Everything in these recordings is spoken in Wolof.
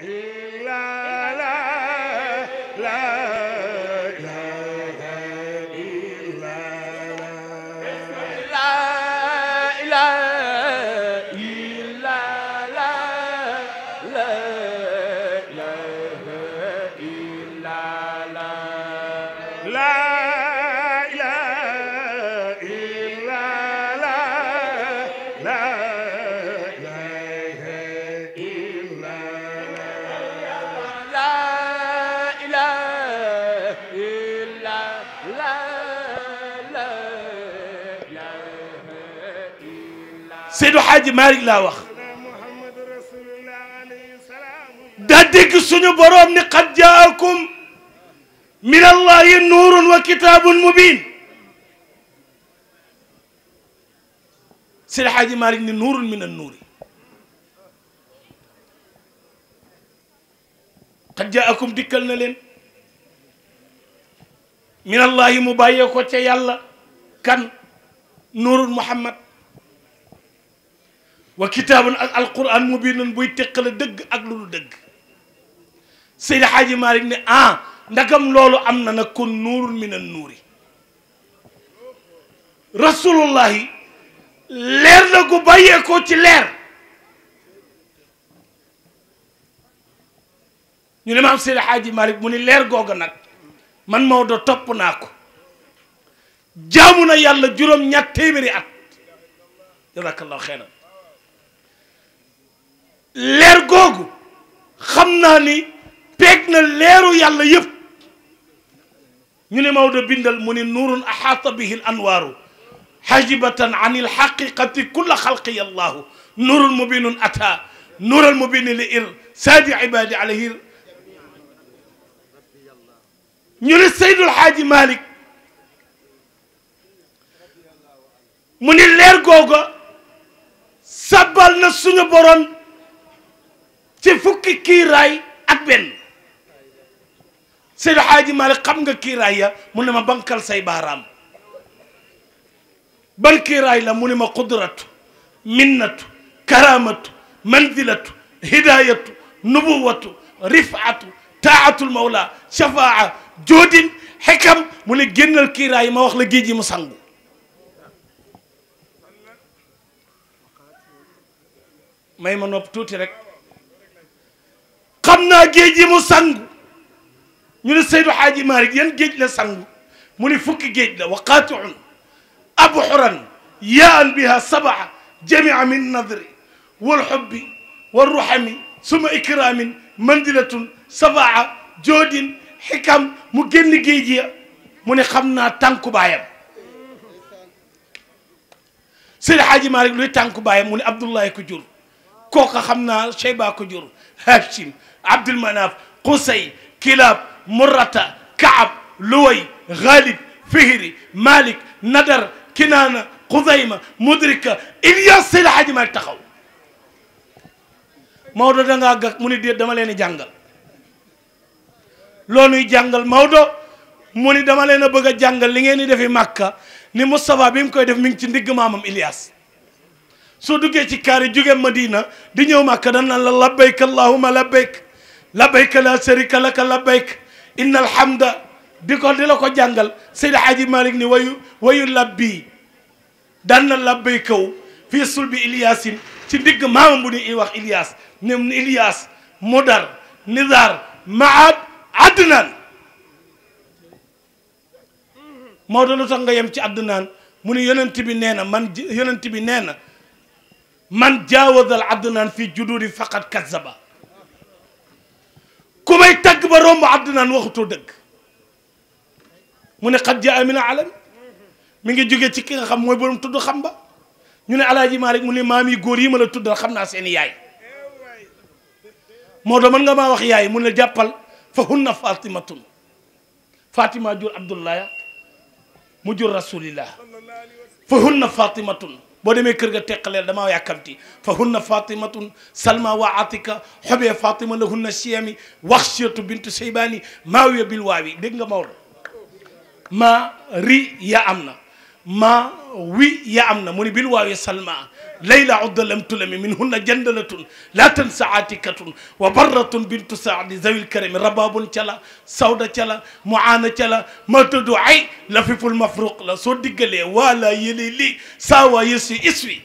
Yeah. الحاجي مالك لا وخ دادك سنو بروم قد جاءكم من الله نور وكتاب مبين سي الحاجي مالك نور من النور قد جاءكم ديكلنا لين من الله مبايكو تي يالا كان نور محمد وكتاب القران مبين بوي تيكل دغ اك سيد حاجي مالك ني اه ندغم لولو امنا نكون نور من النور رسول الله لير نكو باييكو تي لير ني نما ام سيد حاجي مالك موني لير غوغا نك من مودو توب ناكو جامونا يالا جوروم نيات تيمري ات جزاك الله خيرا leer gogu xamna ni pek na leeru yàlla yëpp ñu ne bindal muni nurun ahata bihi al-anwar hajibatan anil haqiqati kull khalqi allah nurul mubin mubinun ata nurul mubin li ir saadi ibadi alayhi ñu ne Seydul Malik muni leer gogo sabal na suñu borom ci fukki kiiraay ak benn Seydou Hadji Malick xam nga kiiraay ya mu ne karamatu manzilatu hidayatu nubuwatu rifatu taatul mawla shafaa joodin xekam mu ne génnal kiiraay ma wax la géej xam naa géej yi mu sangu ñu ne Seydou Xaaji Maalik yan géej la sangu mu ne fukki géej la wa qaatiun abxuran yaan biha sabaa jamia min nadri walxubbi walruxami suma ikraamin mandilatun sabaa jodin hikam mu génn géej ya mu ne xam naa tànku baayam Seydou Xaaji Maalik luy tànku baayam mu ne Abdullahi ko jur kooka xam Cheyba ko jur Hachim عبد المناف قصي كلاب مرتا كعب لوي غالب فهري مالك ندر كنانة قضيمة مدركة إلياس الحاج ما تخاو مودو دانغا غاك موني دير دما لين جانغال لوني جانغال مودو موني دما لين بغا جانغال لي ngeen defé makka ni mustafa bim koy def mi ngi ci ndig mamam ilyas so duggé مدينه kaari jugé madina di ñew makka لبيك labbayk la sharika laka labbayk innal hamda di ko di la ko jàngal Seydi Hadji Malick ni wayu wayu labbi daan na labbay kaw fii sulbi Iliyaasin ci digg maamam bu ni wax Iliyaas ne Iliyaas Mudar Nizar Maad Adnaan Maodo lu tax nga yem ci Adnaan mu ni yonent bi nee na man yonent bi nee na man jaawazal Adnaan fii juduuri faqat kazzaba كوماي تاغ با روم عدنان واختو دك من قد جاء من علم ميغي جوغي تي كيغا خام موي بوروم تود خامبا ني ني الحاج مالك مولي مامي غوري مالا تود خامنا سين ياي مودو من ما واخ ياي مولا جابال فهن فاطمه فاطمه جور عبد الله مجور رسول الله فهن فاطمه boo demee kër ga teqaleel damaa yàkkamti fa hunna fatimatun salma wa atika xobee fatima la hunna siyami waxsiyatu bintu seybaani maawiya bil waawi dégg nga Maodo ma ri ya am na ma wi ya am na mu ni bil waawi salma ليلى عد لم تلم منهن جندلة لا تنسى عاتكة وبرة بنت سعد ذوي الكريم رباب تلا سودة تلا معانة تلا ما تدعي لفيف المفروق لا صدق لي ولا يلي لي ساوى يسوي اسوي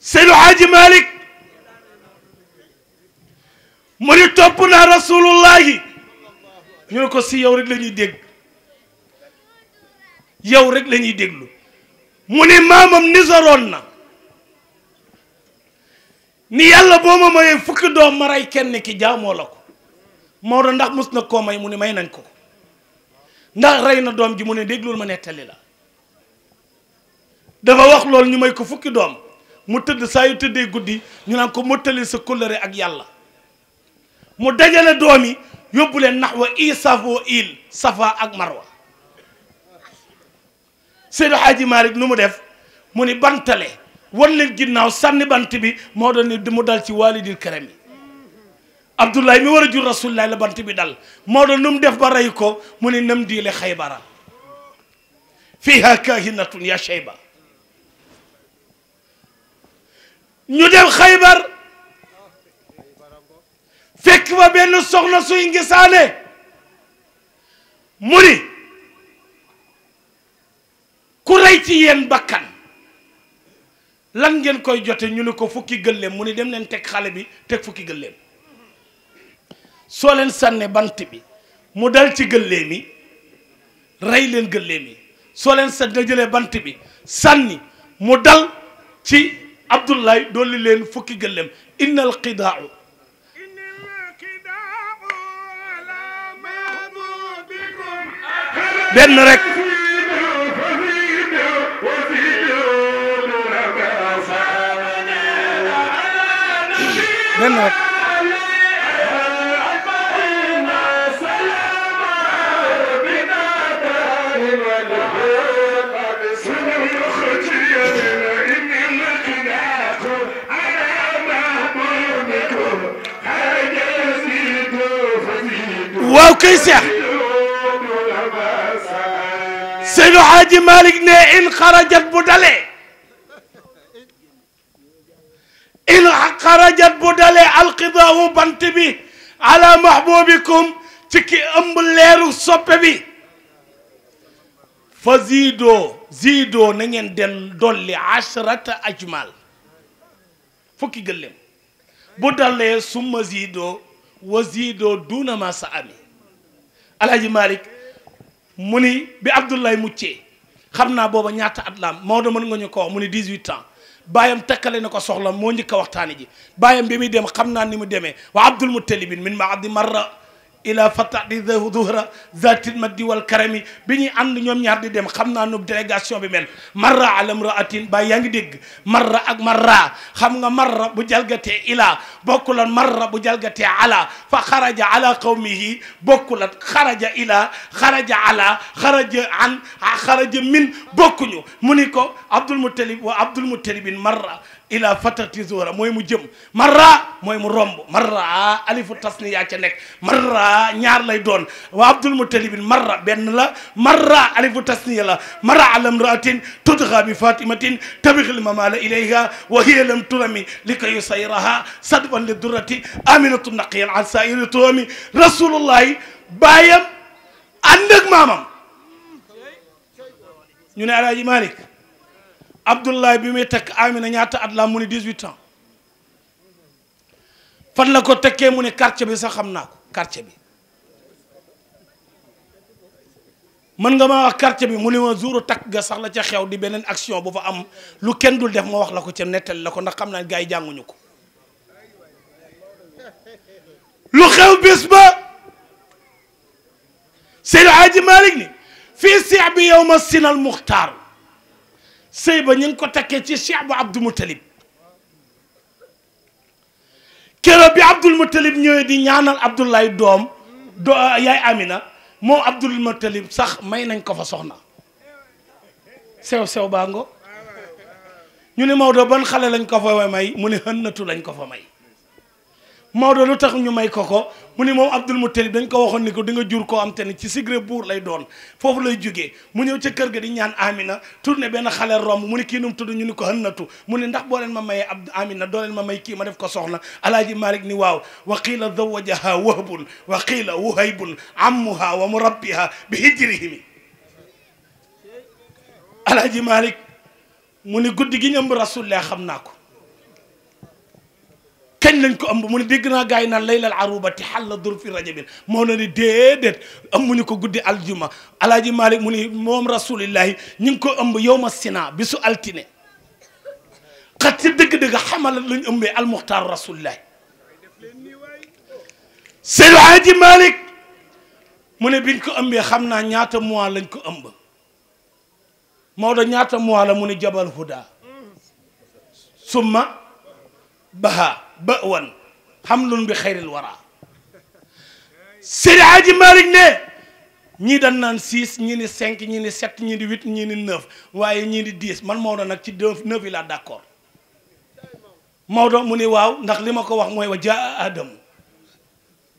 سيدو حاج مالك مري توبنا رسول الله ñu ko si yow rek lañuy dégg yow rek lañuy déglu mu ne maamam nisaroon na ni yàlla boo ma mayee fukki doom ma rey kenn ki jaamoo la ko Maodo ndax mus na koo may mu ne may nañ ko ndax rey na doom ji mu ne déglul ma nettali la dafa wax loolu ñu may ko fukki doom mu tëdd saa yu tëddee guddi ñu naan ko mottali sa kóllëre ak yàlla mu dajale doom yi yóbbu leen nax wa i safo il safa ak marwa سيدو حاجي مالك نمو ديف موني بانتالي وان لين گيناو سان بانتي بي دمو دال سي والد الكريم عبد الله مي ورا جور رسول الله بانتي دال مودو نم ديف با ريكو موني نم دي لي خيبر فيها كاهنه يا شيبه ني ديم خيبر فيك با بن سوخنا سو موني ku rey ci yéen bakkan lan ngeen koy jote ñu ne ko fukki gëléem mu ni dem leen teg xale bi teg fukki gëléem soo leen sànne bant bi mu dal ci gëléem yi rey leen gëléem yi soo leen sànne jëlee bant bi sànni mu dal ci abdullahi dolli leen fukki gëléem innal qidaau benn rek منك واو كيسح حاجي مالك ان خرجت بدلي إن خرجت بدل القضاء بنت بي على محبوبكم تكي أم لير الصب بي فزيدو زيدو نين دل دل عشرة أجمال فكي قلم بدل ثم زيدو وزيدو دون ما سأمي الحاج مالك مني بعبد الله متي خمنا بابا نيات أدلام مودو من نغنيو كو مني 18 ans baayam takkale na ko soxla moo njëkk a ji baayam bi muy dem xam naa ni mu demee wa abdul muttalibin min ma abdi marra ila fatahdi zuhra zatil maddi wal karami bi ñuy ànd ñoom ñaar di dem xam naa nu délégation bi mel marra alam raatin ba yaa ngi dégg marra ak marra xam nga marra bu jalgatee ila bokkulan marra bu jalgatee ala fa xaraja ala qawmihi bokkulan xaraja ila xaraja ala xaraja an xaraja min bokkuñu mu ni ko abdul muttalib wa abdul muttalibin marra ila fatati zora moy mu jëm marra moy mu romb marra alifu tasniya ca nek marra ñaar lay doon wa abdul muttalib marra ben la marra alifu tasniya la marra alam ratin tudxa bi fatimatin tabixil mamala ilayha wa hiya lam turami likay sayraha sadban lidurati aminatun naqiyan al sairi turami rasulullah bayam andak mamam ñu ne alaaji malik Abdoulaye bi muy takk Amina ñaata at la mu 18 ans fan la ko tekkee mu ne quartier bi sax xam naa ko quartier bi mën nga ma wax quartier bi mu ne ma jour takk ga sax la ci xew di benen action bu fa am lu kenn dul def ma wax la ko ca nettali la ko ndax xamna gay jànguñu ko lu xew bis ba Seydi Hadji Malick ni fi seex bi yow ma sinal muxtaar sëy ba ñu ngi ko takkee ci cheikh bu abdul muttalib keroog bi abdul muttalib ñëwee di ñaanal abdullahi doom do euh, yaay amina moom abdul muttalib sax may nañ ko fa soxna sew sew baa ngo ñu ne Maodo ban xale lañ ko fa may mu ne hënnatu lañ ko fa may Maodo lutax ñu may koko ko mu ni moom Abdul Muttalib dañ ko waxon ni ko di nga jur ko am tan ci sigré bour lay doon fofu lay jógee mu ñëw ci kër ga di ñaan Amina tourner ben xale rom mu ni kii num tuddu ñu ni ko hënnatu mu ni ndax bo len ma mayee Abd Amina do len ma may ki ma def ko soxla alaji Malik ni waw wa qila zawajaha wahbun wa qila wuhaybun ammuha wa murabbiha bi hijrihim alaji Malik mu ni guddi gi ñëmb rasulillah ko كن نكو أمبو من دعنا غاينا ليلة العروبة تحل دول في رجبين مونني ديدت أمبو نكو قدي الجمعة على جي مالك مني رسول الله نكو أمبو يوم السنة بسوا التين قتيب دك دك حمل لن أمي المختار رسول الله سيد عادي مالك مني بينكو أمي خمنا نياته موالنكو أمبو مودا نياته موال مني جبل هدا ثم بها bëwan xamlun bi xayril wara Seydi Hadji Malick ne ñii dañ naan six ñii ni cinq ñii ni sept ñii ni huit ñii ni neuf waaye ñii ni dix man moo Maodo nag ci neuf yi laa d'accord Maodo mu ni waaw ndax li ma ko wax mooy wa jaa Adamu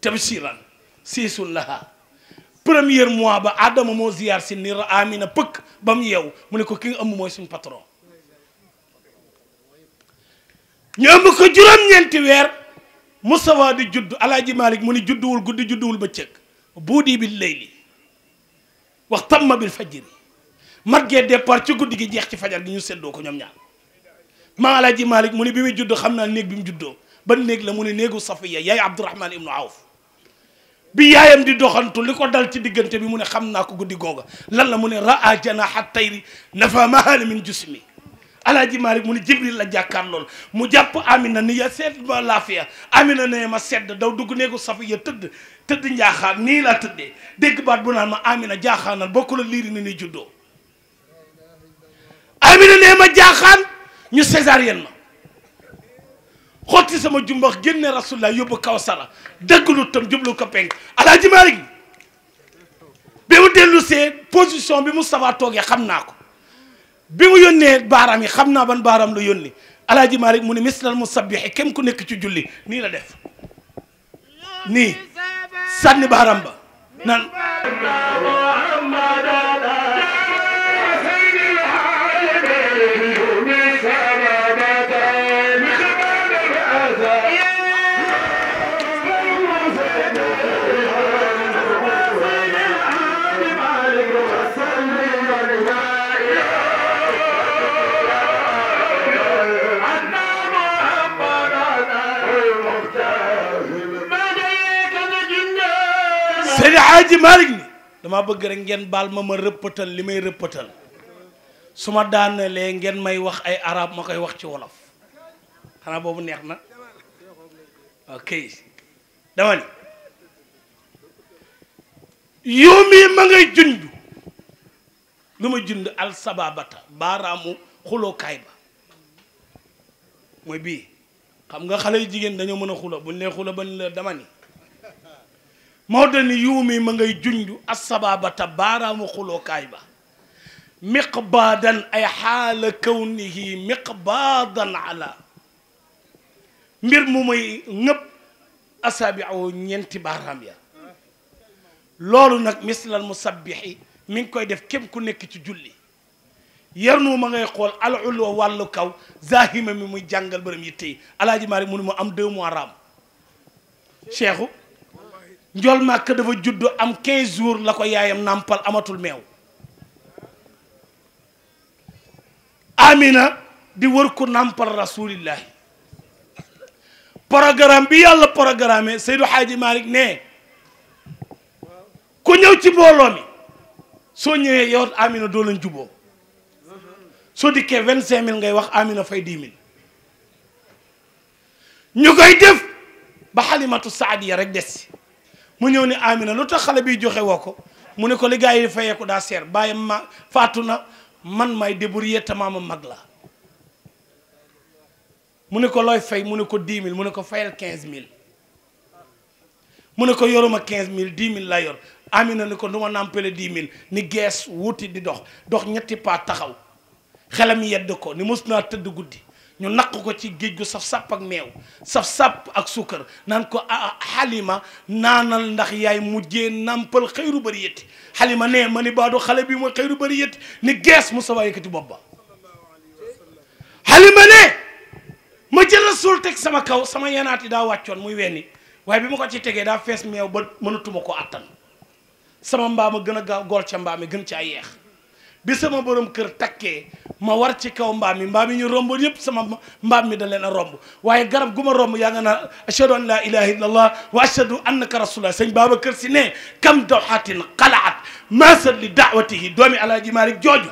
tabsiran siisul laha première mois ba Adama moo ziyaar si ni amina pëkk ba mu yeew mu ne ko ki nga ëmb mooy suñ patron ñu ëmb ko juróom-ñeenti weer Moustapha di judd alaaji Malick mu ni judduwul guddi judduwul bëccëg buudi bil layli wax tamma bil fajiri mat gee départ ci guddi gi jeex ci fajar gi ñu seddoo ko ñoom ñaar maa alaaji Malick mu ni bi muy judd xam naa néeg bi mu juddoo ban néeg la mu ni néegu safiya yaay Abdourahman ibnu Awf bi yaayam di doxantu li ko dal ci diggante bi mu ne xam naa ko guddi googa lan la mu ne raa janaaxa tayri nafa mahal min jusmi alaaji Maalik mu ni Jibril la jàkkaar lool mu jàpp Amina ni ya seet ma laafiya Amina ne ma sedd daw dugg néegu safi ya tëdd tëdd njaaxaan nii laa tëddee dégg baat bu naan ma Amina jaaxaanal bokkul ak liiri ni ni juddoo Amina ne ma jaaxaan ñu césarienne ma xotti sama jumbax génne rasulullah yóbbu Kawsara dëgglu tam jublu ko penk alaaji Maalik bi mu dellu see position bi Moustapha toogee xam naa ko bimu yonne baram yi xamna ban baram lu yónni alaaji malik muni ni mislal musabbihi kenn ku nek ci julli ni la def ni sànni baram ba nan Seydi bëgg rek ngeen baal ma ma rëppatal li may rëppatal su ma daanelee ngeen may wax ay araab ma koy wax ci wolof xanaa boobu neex na ok dama ni yow mii ma ngay jund lu ma jund al sababata baaraamu xulookaay ba mooy bii xam nga xale yu jigéen dañoo mën a xulo buñ nee xulo ba ni la dama ni moo dani yuumi ma ngay junj assabaabata baaraamu xulookaay ba miqbaadan ay xaala kawnihi miqbaadan ala mbir mu muy ñëpp asaabiu ñeenti baaraam ya loolu nag mislal musabbixi mi ngi koy def képp ku nekk ci julli yarnu ma ngay xool al ulwa wàllu kaw zahima mi muy jàngal bërëm yi téy alaaji maari mu ne mu am deux mois raam cheikhu njool màkk dafa judd am 15 jours la ko yaayam nàmpal amatul meew amina di wër ko nàmpal rasulillahi programme bi yàlla programme Seydou Hadji Malick ne ku ñëw ci mbooloo mi soo ñëwee yow amina doo leen juboo soo dikkee vingt cinq mille ngay wax amina fay dix mille ñu koy def ba xalimatu saadiya rek des mu ñëw ni Amina lu tax xale bi joxe woo ko mu ne ko li gars yi fayeeku daa seer bàyyi ma faatu na man may débrouiller te maama mag la mu ne ko looy fay mu ne ko 10 mill mu ne ko fayal 15 000 mu ne ko yoruma 15 000 10 000 la yor Amina ni ko du ma nàmpale 10 000 ni gees wuuti di dox dox ñetti paa taxaw xelam yedd ko ni mos naa tëdd guddi ñu naq ko ci géej gu saf sàpp ak meew saf sàpp ak sukkar naan ko xalima ah, ah, naanal ndax yaay mujjee nàmpal xëyru bëri yëtti xalima nee ma ni baadu xale bi mooy xëyru bari yëtti ni gees mu sa yëkkati bopp ba xalima ne ma jël rasul teg sama kaw sama yenaat yi daa wàccoon muy wenni waaye bi ma ko ci tegee daa fees meew ba mënatuma ko àttan sama mbaam a gën a gaaw gool ca mbaam mi gën ci ay yeex bi sama borom kër takkee ma war ci kaw mbaam mi mbaam mi ñu romboon yëpp sama mbaam mi da leen a romb waaye garab gu ma romb yaa nga naan ashhadu an la ilaha illa allah wa ashhadu annaka rasulullah sëñ Babacar Si ne kam dawxatin xalaat maasat li daawatihi doomi alaaji Malik jooju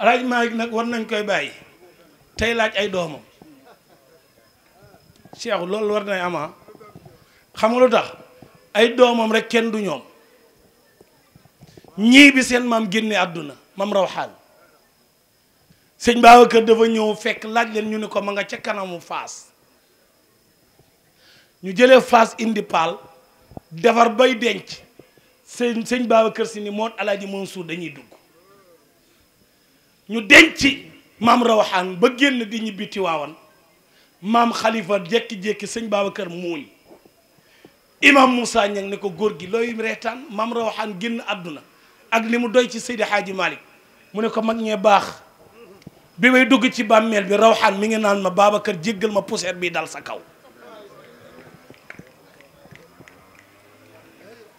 alaaji Malik nag war nañ koy bàyyi tey laaj ay doomam cheikh loolu war nay ama ah. xam nga lu tax ay doomam rek kenn du ñoom ñi bi seen mam génne aduna mam rawhal seigne sëñ Babacar dafa ñew fekk laaj leen ñu ne ko ma nga ci kanamu faas ñu jëlé faas indi pal défar bay denc seigne seigne Babacar si ni moo alaaji Mansour dañuy dugg ñu denc mam rawaxaan ba génn di ñibbi Tiwaawan maam jekki jekki jékki sëñ imam Musa ñang ne ko gor gi loy retane mam rawaxaan génn aduna ak li mu doy ci Seydi Hadji Malick mu ne ko mag ñee baax bi may dugg ci bàmmeel bi rawxaan mi ngi naan baaba Babacar jéggal ma poussière bi dal sa kaw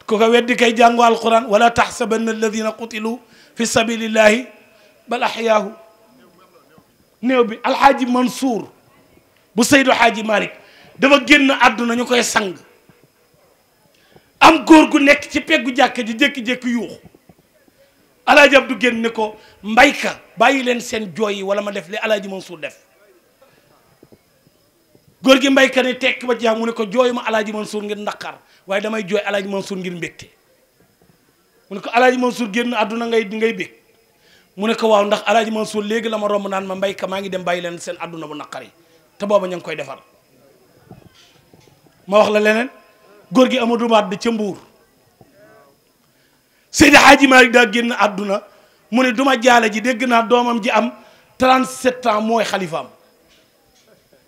ku ko weddi kay jàngu alquran wala taxsabanna alladina qutilu fi sabilillahi bal axyaahu néew bi alxaaji Mansour bu Seydu Xaaji Malick dafa génn àdduna ñu koy sang am góor gu nekk ci peggu jàkka ji jékki-jékki yuux alaaji du génn ne ko mbayka bàyyi leen seen jooy yi wala ma def li alaaji Mansour def góor gi mbayka ne tekk ba jaam mu ne ko jooyu ma alaaji Mansour ngir naqar waaye damay jooy alaaji Mansour ngir mbégte mu ne ko alaaji Mansour génn àdduna ngay ngay bég mu ne ko waaw ndax alaaji Mansour léegi la ma romb naan ma mbayka maa ngi dem bàyyi leen seen àdduna bu naqari te boobu ña ngi koy defar ma wax la leneen góor gi ama Baat da ca Mbuur Seydi Hadji Malick daa génn àdduna mu ne duma jaale ji dégg naa doomam ji am 37 ans mooy xalifaam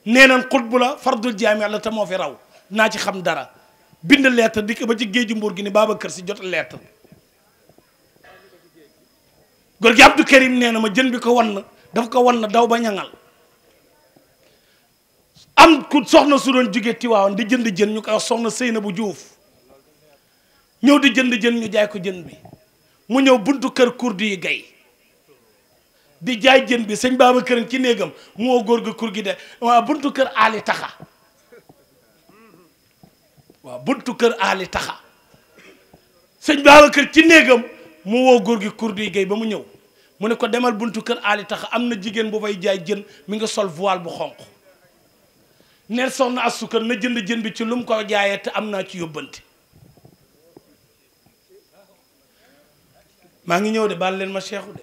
nee nañ bu la fardul jaami la te moo fi raw naa ci xam dara bind lettre dikk ba ci géeju mbuur gi ni kër si jot lettre góor gi Abdou Karim nee na ma jën bi ko wan na daf ko wan na daw ba ñaŋal am ku soxna su doon jóge Tiwaawan di jënd jën ñu koy wax soxna na bu Juuf ñëw di jënd jën ñu jaay ko jën bi mu ñëw buntu kër kurdu yi gay di jaay jën bi sëñ baaba këram ci néegam moo góor gi kur gi de waaw buntu kër aali taxa waaw buntu kër aali taxa sëñ baaba kër ci néegam mu woo góor gi kurdu yi gay ba mu ñëw mu ne ko demal buntu kër ali taxa am na jigéen bu fay jaay jën mi nga sol voile bu xonq neen soxna as sukar na jënd jën bi ci lu mu ko jaayee te am naa ci yóbbante ma ngi ñew de bal leen ma cheikhou de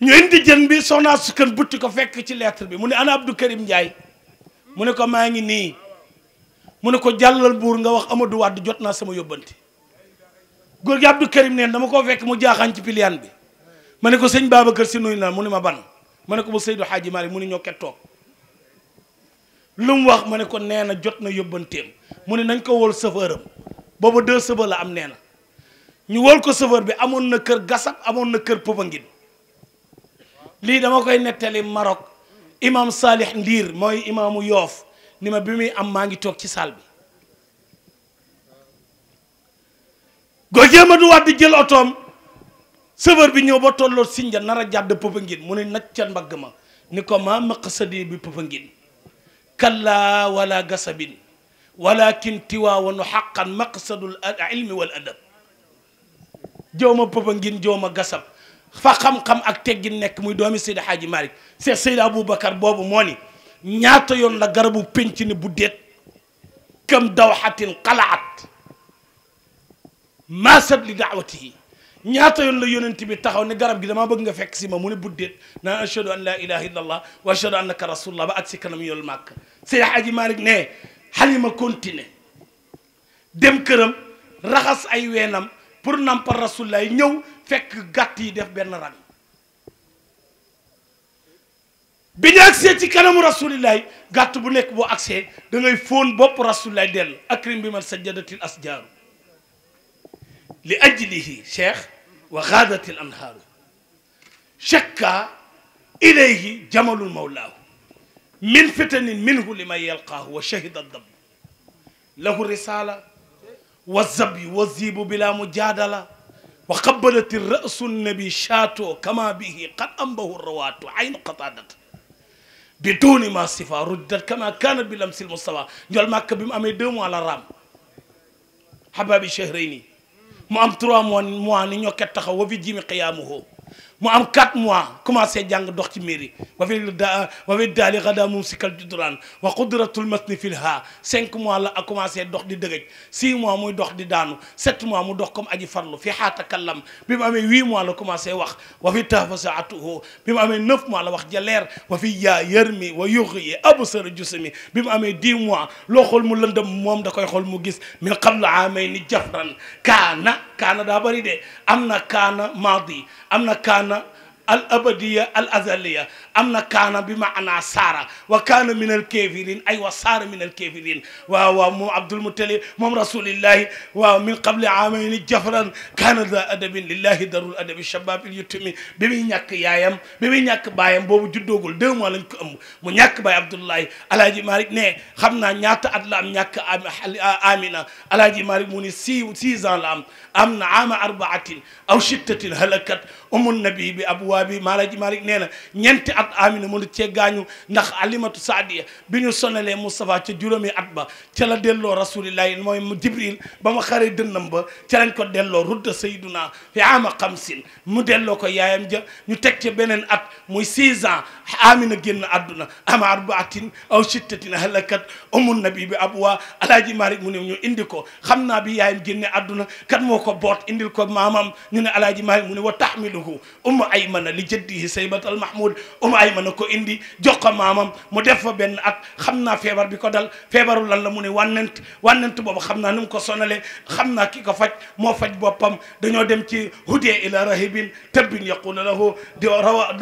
ñu indi jën bi soxnaa sukkan butti ko fekk ci lettre bi mu ne ana Abdou Karim ndjay mu ne ko ma ngi ni mu ne ko jallal bur nga wax Amadou wad jotna sama yobanti góor gi Abdou Karim neen dama ko fekk mu jaaxaan ci pilian bi ma ne ko seigne Babacar si nuyu na mu ma ban ma ko bu Seydou Hadji Malick mu ne ñoo ketto lum wax ma ko neena na yobantem mu ne nañ ko wol sefeuram am booba deux la am neena ñu wol ko chauffeur bi amoon na kër gasab amoon na kër lii dama koy nettali Maroc imam Salih Ndiir mooy imaamu Yoof ni ma bi muy am maa ngi toog ci sal bi Gorgui Amadou Wade jël otoom chauffeur bi ñëw ba tolloot Sinja nar a jàdd Popenguine mu ne nag ca mbagg ma ni ko ma maqasadi bi Popenguine kalla wala gasabin walakin tiwaawoonu xaqan maqsadul ilmi wal adab jëw ma pëpa ngin jëw ma gasam fa xam-xam ak teggin nekk muy doomi Seydi Hadji Malick Seex Seydi Aboubacar boobu moo ni ñaata yoon la garabu penc ni bu déet kam dawxatin xalaat maasat li daawatihi ñaata yoon la yonent bi taxaw ne garab gi damaa bëgg nga fekk si ma mu ne buddeet naan ashhadu an laa ilaha illa wa ashhadu annaka rasulullah ba ak si kanam yoolu màkk Seydi Hadji Malick ne xalima continué dem këram raxas ay weenam pour nampal lay ñëw fekk gàtt yi def ben rang bi ñu agsee ci kanamu rasulillahi gàtt bu nek bo agsee da ngay fon bop rasulillahi del akrim bi man sajadatil asjar li ajlihi cheikh wa xaadatil anhar shakka ilayhi jamalul mawlaahu من فتن منه لما يلقاه وشهد wa له رساله والزبي والذيب بلا مجادلة وقبلت الرأس النبي شاتو كما به قد أنبه الروات عين قطادة بدون ما صفا ردت كما كانت بلمس المصطفى نجول مكة بم أمي دوم على رام حبابي شهريني mu am trois mois mois ni ñoo mu am 4 mois commencé jàng dox ci mairie wa fi da wa fi daali xada moom si kal juduraan wa qudratul masni fil ha 5 mois la a commencé dox di dëgëj 6 mois muy dox di daanu 7 mois mu dox comme aji farlu fi xaata kallam bi mu amee 8 mois la commencé wax wa fi tafasa atuhu bi mu amee 9 mois la wax ja leer wa fi yaa yërmi wa yuxyi absara jusami bi mu amee di mois loo xool mu lëndëm moom da koy xool mu gis min qabla amay ni jafran kaana kaana daa bëri de am na kaana maadi am na الأبدية الأزلية am na kaana bi ma anaa saara wa kaana min alkafirin ay wa saara min alkafirin waaw waaw moom abdul mutalib moom rasulillahi waaw min qable amayni jafran kaana da adabin lillahi darul adabi shabab il yutumi bi muy ñàkk yaayam bi muy ñàkk baayam boobu juddoogul deux mois lañ ko ëmb mu ñàkk baay abdullahi alaaji malik ne xam naa ñaata at la am ñàkk amina alaaji malik mu ni six six ans la am am na ama arbaatin aw sittatin halakat umu nabi bi abwaabi alaaji malik nee na ñeenti at at Amina mo ci gañu ndax alimatu saadiya biñu sonale mustafa ci juromi at ba ci la delloo rasulillah moy Jibril ba ma xaree dënnam ba ci lañ ko delloo rudda sayyiduna fi am khamsin mu delloo ko yaayam ja ñu tek ci benen at moy 6 ans Amina génn aduna am arbaatin aw shittatin halakat umun nabi bi abwa alaji Malik mu ñu indi ko xamna bi yaayam genn aduna kat moko bot indil ko mamam ñu ne alaji Malik mu ne wa tahmiluhu umma aymana li jaddihi al mahmud way ay ko indi jox ko maamam mu def fa ben at xamna febar bi ko dal febaru lan la muné wanent wanent bobu xamna num ko sonalé xamna kiko faj moo faj dem ci hudee ila rahibin tabbin yaqulu lahu di rawa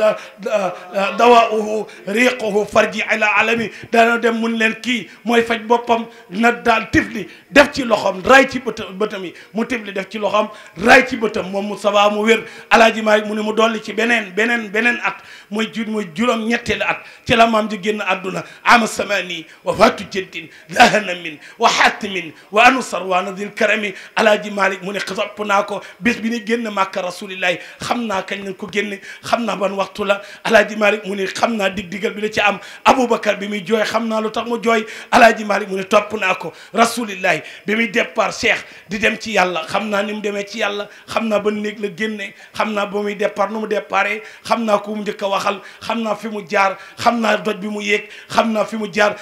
dawauhu riquhu farji ila alami daño dem mun len ki moy faj bopam na dal tifli def ci loxoom ray ci beutami mu tifli def ci loxoom ray ci beutam mom mu sabaa mu wér alaaji may muné mu doli ci benen benen benen at mooy juut muy juróom ñetteelu at ci la maam ji génn àdduna ama samani wa faatu jeddin lahanamin wa xaatimin wa anu sarwaana dil karami alaaji malik mu ne topp naa ko bés bi ni génn màkka rasulillahi xam naa kañ lañ ko génne xam naa ban waxtu la alaaji malik mu ne xam naa dig digal bi la ci am aboubacar bi muy jooy xam naa lu tax mu jooy alaaji malik mu ne topp naa ko rasulillahi bi muy départ cheikh di dem ci yàlla xam naa ni mu demee ci yàlla xam naa ba néeg la génne xam naa ba muy départ nu mu déparé xam naa ko mu njëkk a waxal xam naa fi mu jaar xam naa doj bi mu yéeg xam naa fi mu jaar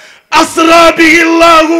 asra bihi llahu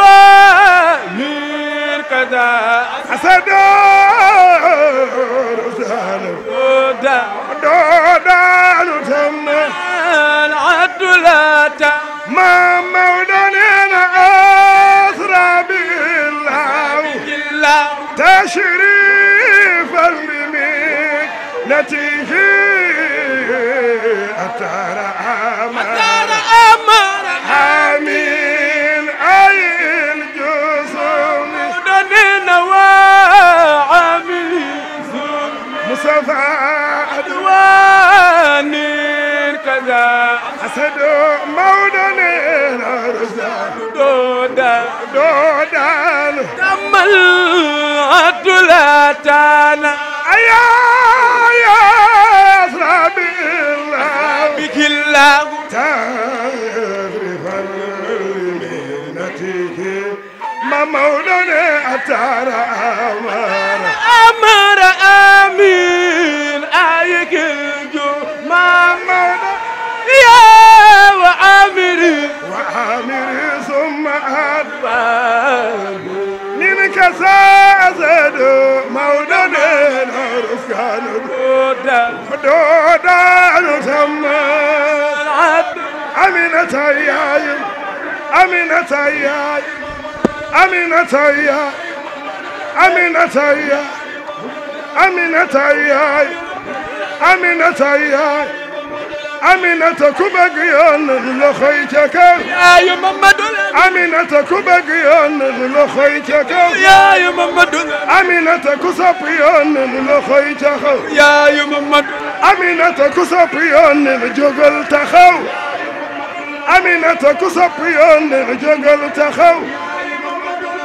وهير كذا حسن رسالة دودا دودا العبد لا تما مولانا أسرى بالله تشريفا بمكنته أترى فهد واني كذا أسد مولى الرزاق دودا دودا تمل أدلتنا أيا يا أسرى بالله بك الله تعرف المنتك ما مولانا أتارى أمر أمر آمين المحبة منك سأزد مولد العرف كان بودا حدودا نسمى أمينة ياي أمينة ياي أمينة ياي أمينة ياي أمينة ياي أمينة ياي Aminata ku bëgg yoon loxoy ca kaw. yaayu Mamadou la. Aminata ku bëgg yoon loxoy ca kaw. yaayu Mamadou la. Aminata ku sopp yoon loxoy ca kaw. yaayu Mamadou la. Aminata ku sopp yoon jógal taxaw. Aminata ku sopp yoon jógal taxaw.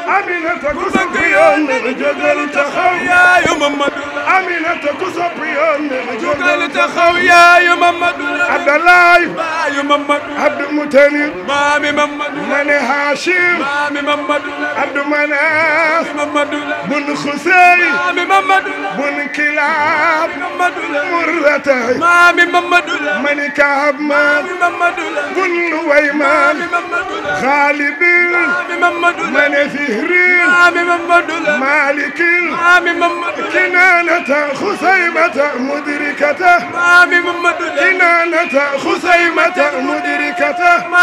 أمينة كسبيان جدل تخويا يا محمد أمينة كسبيان جدل تخويا يا محمد عبد الله يا محمد عبد المتنب مامي محمد من هاشم مامي محمد عبد مناف محمد بن خسي مامي محمد بن كلاب محمد مرتي مامي محمد من كعب مامي محمد بن لويمان خالد من فهرين مالك كنانة خسيمة مدركته كنانة خسيمة مدركته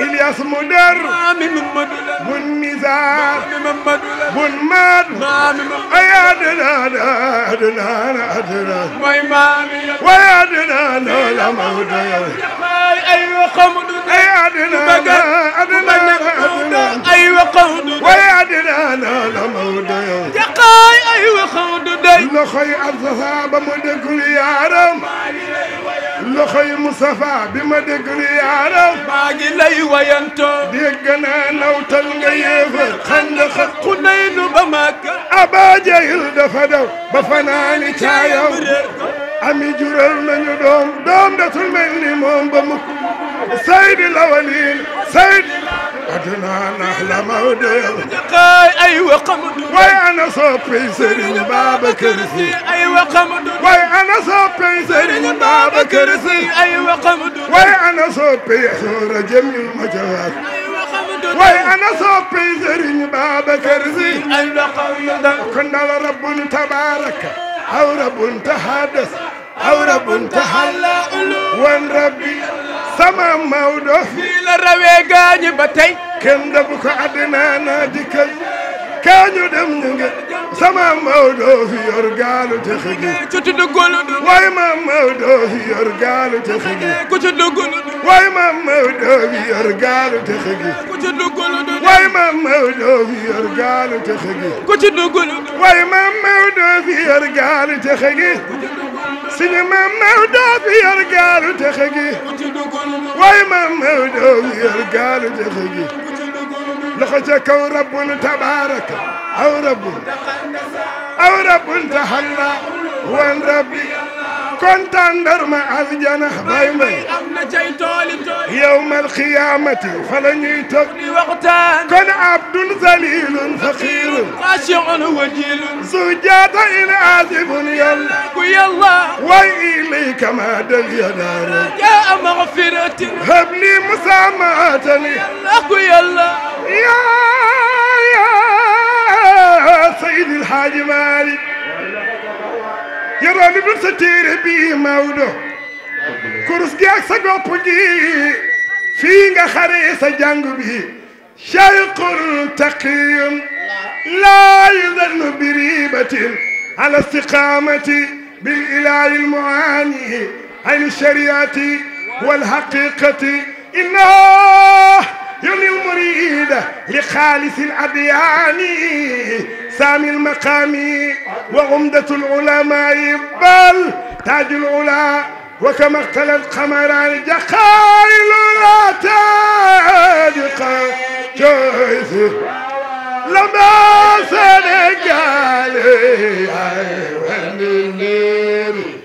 إلياس مدر بن ميزان بن ماد ويا دنا دنا دنا دنا ويا دنا لا مود أيوة قمد أيا دنا أدنا أدنا أيوة قمد ويا دنا لا مود يقاي أيوة قمد دي نخي أصحاب مدكل يا رب loxoy Mustafa bi ma dégg lu yaara maa ngi lay wayanto dégg naa nawtal nga yéefar xanda xat ku nay nu ba màkka Aba Jahil dafa daw ba fanaani caayaw ami jural nañu doom doom datul mel ni moom ba mukk Saydi Lawalin Saydi aduna ndax la Maodo yow. xëy ay waxamadu. waaye ana soppey Serigne Babacar Sy. ay waxamadu. waaye ana soppey Serigne Babacar Sy. ay waxamadu. waaye ana soppey Soora Jamil Majawaat. ay waxamadu. waaye ana soppey Serigne Babacar Sy. ay waxamadu. kon dala rabbun tabaraka aw rabbun tahadas أو رب تحلى وان ربي ba tey. kenn ko àddina naa dikkal. kaañu dem ñu sama gaalu te xëgg. ku ci duggul. waaye ma gaalu te xëgg. suñu maam Maodo fi yor gaalu dexe gi waaye maam Maodo fi yor gaalu dexe gi loxo ca kaw rabbun tabaraka aw rabbun aw rabbun taxalla wan rabbi كنت اندر مع الجنه باي باي امنا جاي تولي يوم القيامه فلن يتقني وقتا كن عبد ذليل فقير خاشع وجيل سجاد ان اسف يلا ويلا واليك ما دل يا دار يا مغفرتي هب لي مسامحتني يلاك ويلا يا يا سيدي الحاج مالك yoroon dul sa téere bi Maodo kurus gi ak sa gopp gi fii nga xare sa jàng bi cheikhun taqiyun laa yuzannu bi ribatin ala istiqamati bil ilahi al muani عن الشريعة والحقيقة إنه يولي المريد لخالص الأديان سامي المقام وغمدة العلماء بل تاج العلا وكما اقتل القمر جخائل لا تاج جيث لما سنقالي عيون الليل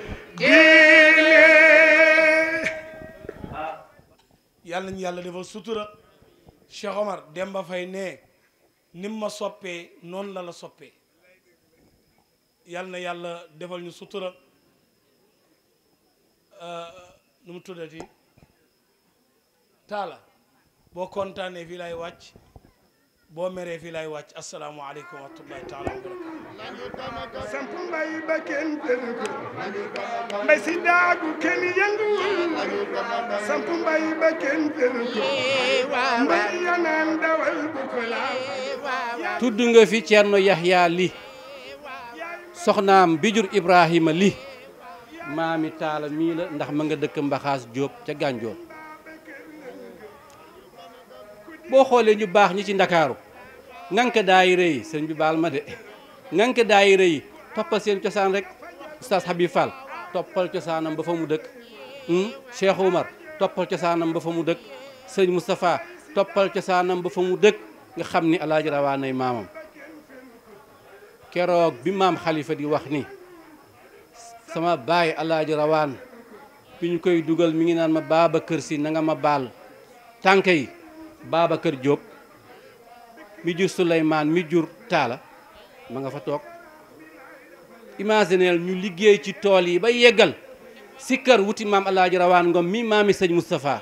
yàlla ñu yàlla defal sutura Cheikh Omar Demba Faye ne nim ma soppee noonu la la soppee yal na yàlla defal ñu sutura uh, nu mu tuddati taala boo kontaanee fii lay wàcc boo meree fii lay wàcc asalaamaaleykum wa rahmatulahi taala wa barakatu samp mbay daagu kenn yënguwul samp mbay ba kenn tënku yanaan dawal bu tudd nga fi Ceerno Yaxya li soxnaam bi jur Ibrahima li maami taala mii la ndax ma nga dëkk mbaxaas Jóob ca Gànjool boo xoolee ñu baax ñi ci ndakaaru nganka daay yi sëñ bi ma de nganka daayira yi toppal seen cosaan rek oustaz Habib toppal cosaanam ba fa mu dëkk hmm? Cheikh Oumar toppal fa mu dëkk toppal cosaanam ba fa mu dëkk nga xam ni alaaji rawaanay maamam keroog bi maam xalifa di wax ni sama baay alaaji rawaan bi ñu koy dugal mi ngi naan ma kër si nanga ma baal tànk yi kër Diop mi jur Souleymane mi jur taala ma nga fa toog imagineel ñu liggéey ci tool yi ba yeggal si kër wuti maam alaaji rawaan ngom mi maami sëñ Moustapha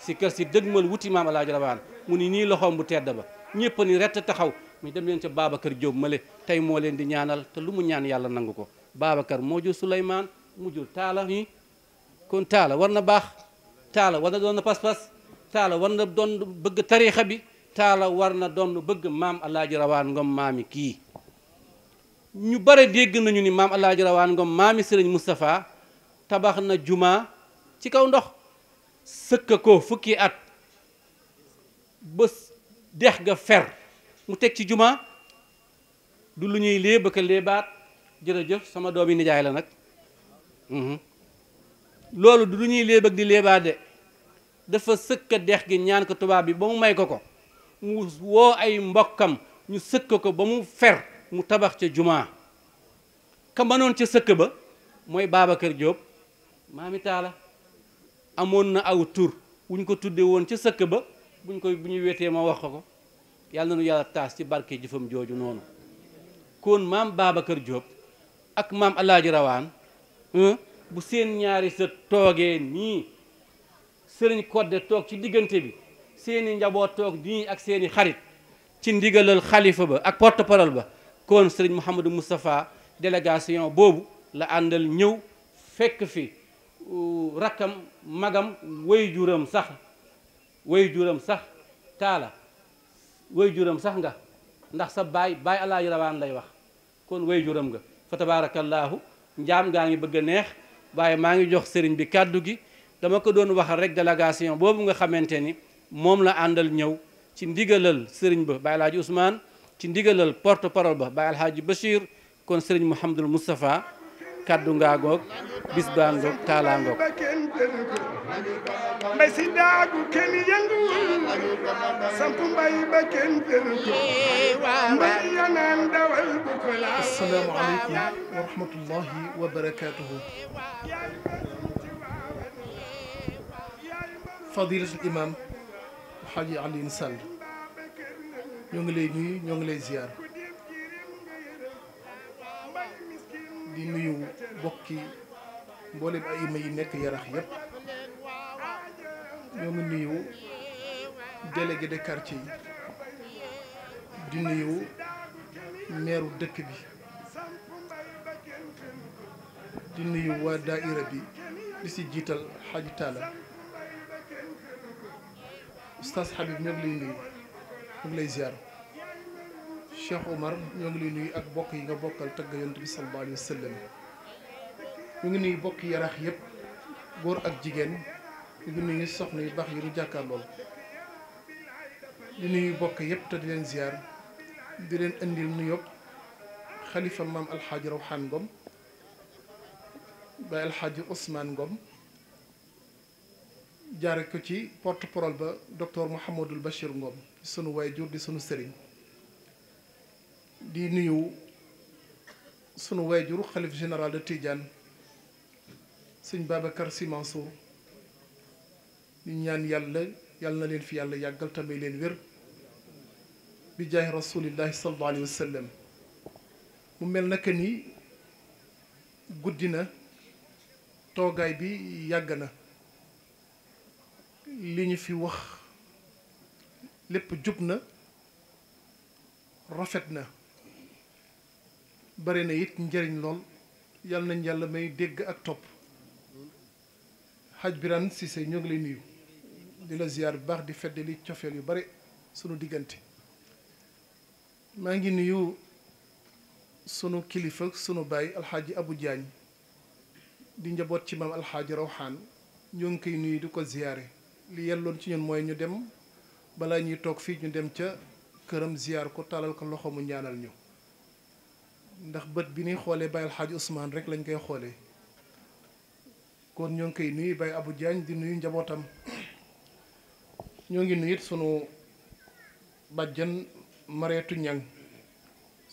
sikkar si dëgmal wuti maam alaaji rawaan mu ni nii loxoom bu tedd ba ñëpp ni rett taxaw mu dem leen ca Babacar Diop male tey moo leen di ñaanal te lu mu ñaan yàlla nangu ko Babacar moo jur Souleymane mu jur taala yi kon taala war na baax taala war na doon na pas-pas taala war na doon bëgg tariixa bi taala war na doon bëgg maam alaaji rawaan ngom maami kii ñu bare dégg nañu ni maam alaaji rawaan ngom maami sëriñ mustafa tabax na jumaa ci kaw ndox sëkk ko fukki at bés dex ga fer mu teg ci juma du lu ñuy léeb ak léebaat jërëjëf sama doomi nijaay la nag mhm. loolu du lu ñuy léeb ak di léebaat de dafa sëkk dex gi ñaan ko tubaab bi ba mu may ko ko mu woo ay mbokkam ñu sëkk ko ba mu fer mu tabax ca jumaa ka manoon ca sëkk ba mooy Babacar Diop maami taala amoon na aw tur wuñ ko tuddee woon ca sëkk ba buñ koy bu ñu wetee ma wax ko ko yàlla nañu yàlla taas ci barke jëfam jooju noonu kon maam Babacar jóob ak maam Alaaji Rawaan bu seen ñaari sa toogee nii sëriñ Codé toog ci diggante bi seeni njaboot toog nii ak seeni xarit ci ndigalal xalifa ba ak porte ba kon sëriñ Mouhamadou Moustapha délégation boobu la àndal ñëw fekk fi euh, rakkam magam wayjuram sax way juram sax taala woy juram sax nga ndax sa baay baay alaaji rawaan lay wax kon way juram nga fa tabaarakallaahu njaam ngaa ngi bëgg a neex waaye maa ngi jox sëriñ bi kàddu gi dama ko doon waxal rek délégation boobu nga xamante ni moom la àndal ñëw ci ndigalal sëriñ ba baay alaaji Ousmane ci ndigalal porte parole ba baay alaaji Bachir kon sëriñ Mouhamadul Moustapha كادونغاغوك بسبانغوك تالانغوك السلام عليكم ورحمة الله وبركاته فضيلة الإمام حجي علي نسال يونغ لي نيو يونغ لي زياره di nuyu bokki mboolem ay ima yi nekk yarax yëpp ñoo ngi nuyu délégué de yi di nuyu meeru dëkk bi di nuyu waa daaira bi di si jiital xaaju taala oustaz Habib ñoo ngi lay nuyu ñoo Cheikh Omar ñoo ngi nuyu ak bokk yi nga bokkal tëgg yonent bi sallallahu alayhi wasallam ñu ngi nuyu bokk yarax yëpp góor ak jigéen ñu ngi nuyu soxna yu bax yi ñu jàkkaarlool di nuyu bokk yëpp te di leen ziar di leen indil nuyoo xalifa maam alxaaji Rawaan Ngom ba alxaaji Ousmane Ngom jaare ko ci porte-parole ba docteur Mouhamadul Bachir Ngom sunu way jur di sunu sëriñ di nuyu sunu wayjur khalif général de Tidiane seigne Babacar Sy Mansour di ñaan yàlla yàlla na leen fi yàlla yagal tamay leen wér bi jahi rasulillah sallallahu alayhi wasallam mu mel nak ni guddina togay bi yagna na fi wax lépp jub rafetna bari na it njariñ lool yal nañ yàlla may dégg ak topp xaj biran si say ñoo ngi lay nuyu di la ziar bu baax di fedd li cofeel yu bari sunu diggante maa ngi nuyu sunu kilifa sunu baay alxaaji abu diagne di njaboot ci maam alxaaji rawxaan ñoo ngi koy nuyu di ko ziyaare li yelloon ci ñun mooy ñu dem balaa ñuy toog fii ñu dem ca këram ziar ko talal ko loxo mu ñaanal ñu ndax bët bi ñuy xoolee Baye El Hadj rek lañ koy xoolee kon ñoo ngi koy nuyu Baye Abou Diagne di nuyu njabootam ñoo ngi nuyu it sunu bàjjan Mareetu Ñang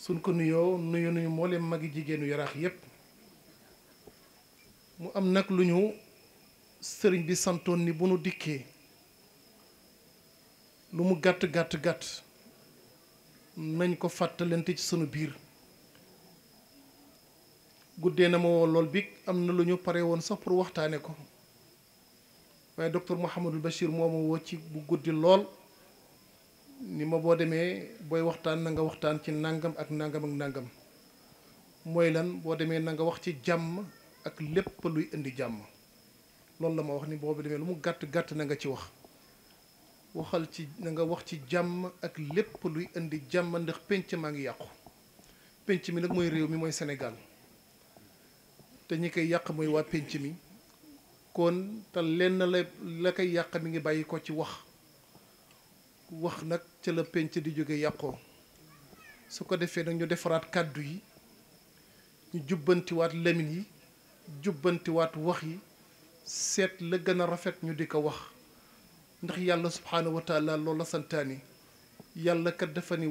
suñ ko nuyoo nuyu nuyu mboolem magi jigéenu yaraax yépp mu am nag lu ñu sëriñ bi santoon ni bu nu dikkee lu mu gàtt gàtt gàtt nañ ko fàttalante ci sunu biir guddee na mo lol bik amna am paré won sax pour waxtané ko waaye docteur Mouhamadul Bachir momo wo ci bu guddi lol ni ma bo démé boy waxtan na nga waxtan ci nangam ak nangam ak nangam moy lan bo démé na nga wax ci jam ak lepp luy indi jam lol la ma wax ni boobu démé lu mu gatt gatt na nga ci wax waxal ci na nga wax ci jam ak lepp luy indi jam ndax pench ma ngi yàqu pench mi nak moy rew mi moy senegal dañu koy yàq mooy waa pénc mi kon te lenn la la koy yàq mi ngi bàyyi ko ci wax wax nag ca la pénc di jóge yàqoo su ko defee nag ñu defaraat kàddu yi ñu jubbantiwaat lemin yi jubbantiwaat wax yi seet la gën a rafet ñu di ko wax ndax yàlla subhaanahu wa taala loolu la santaani yàlla kat dafa ni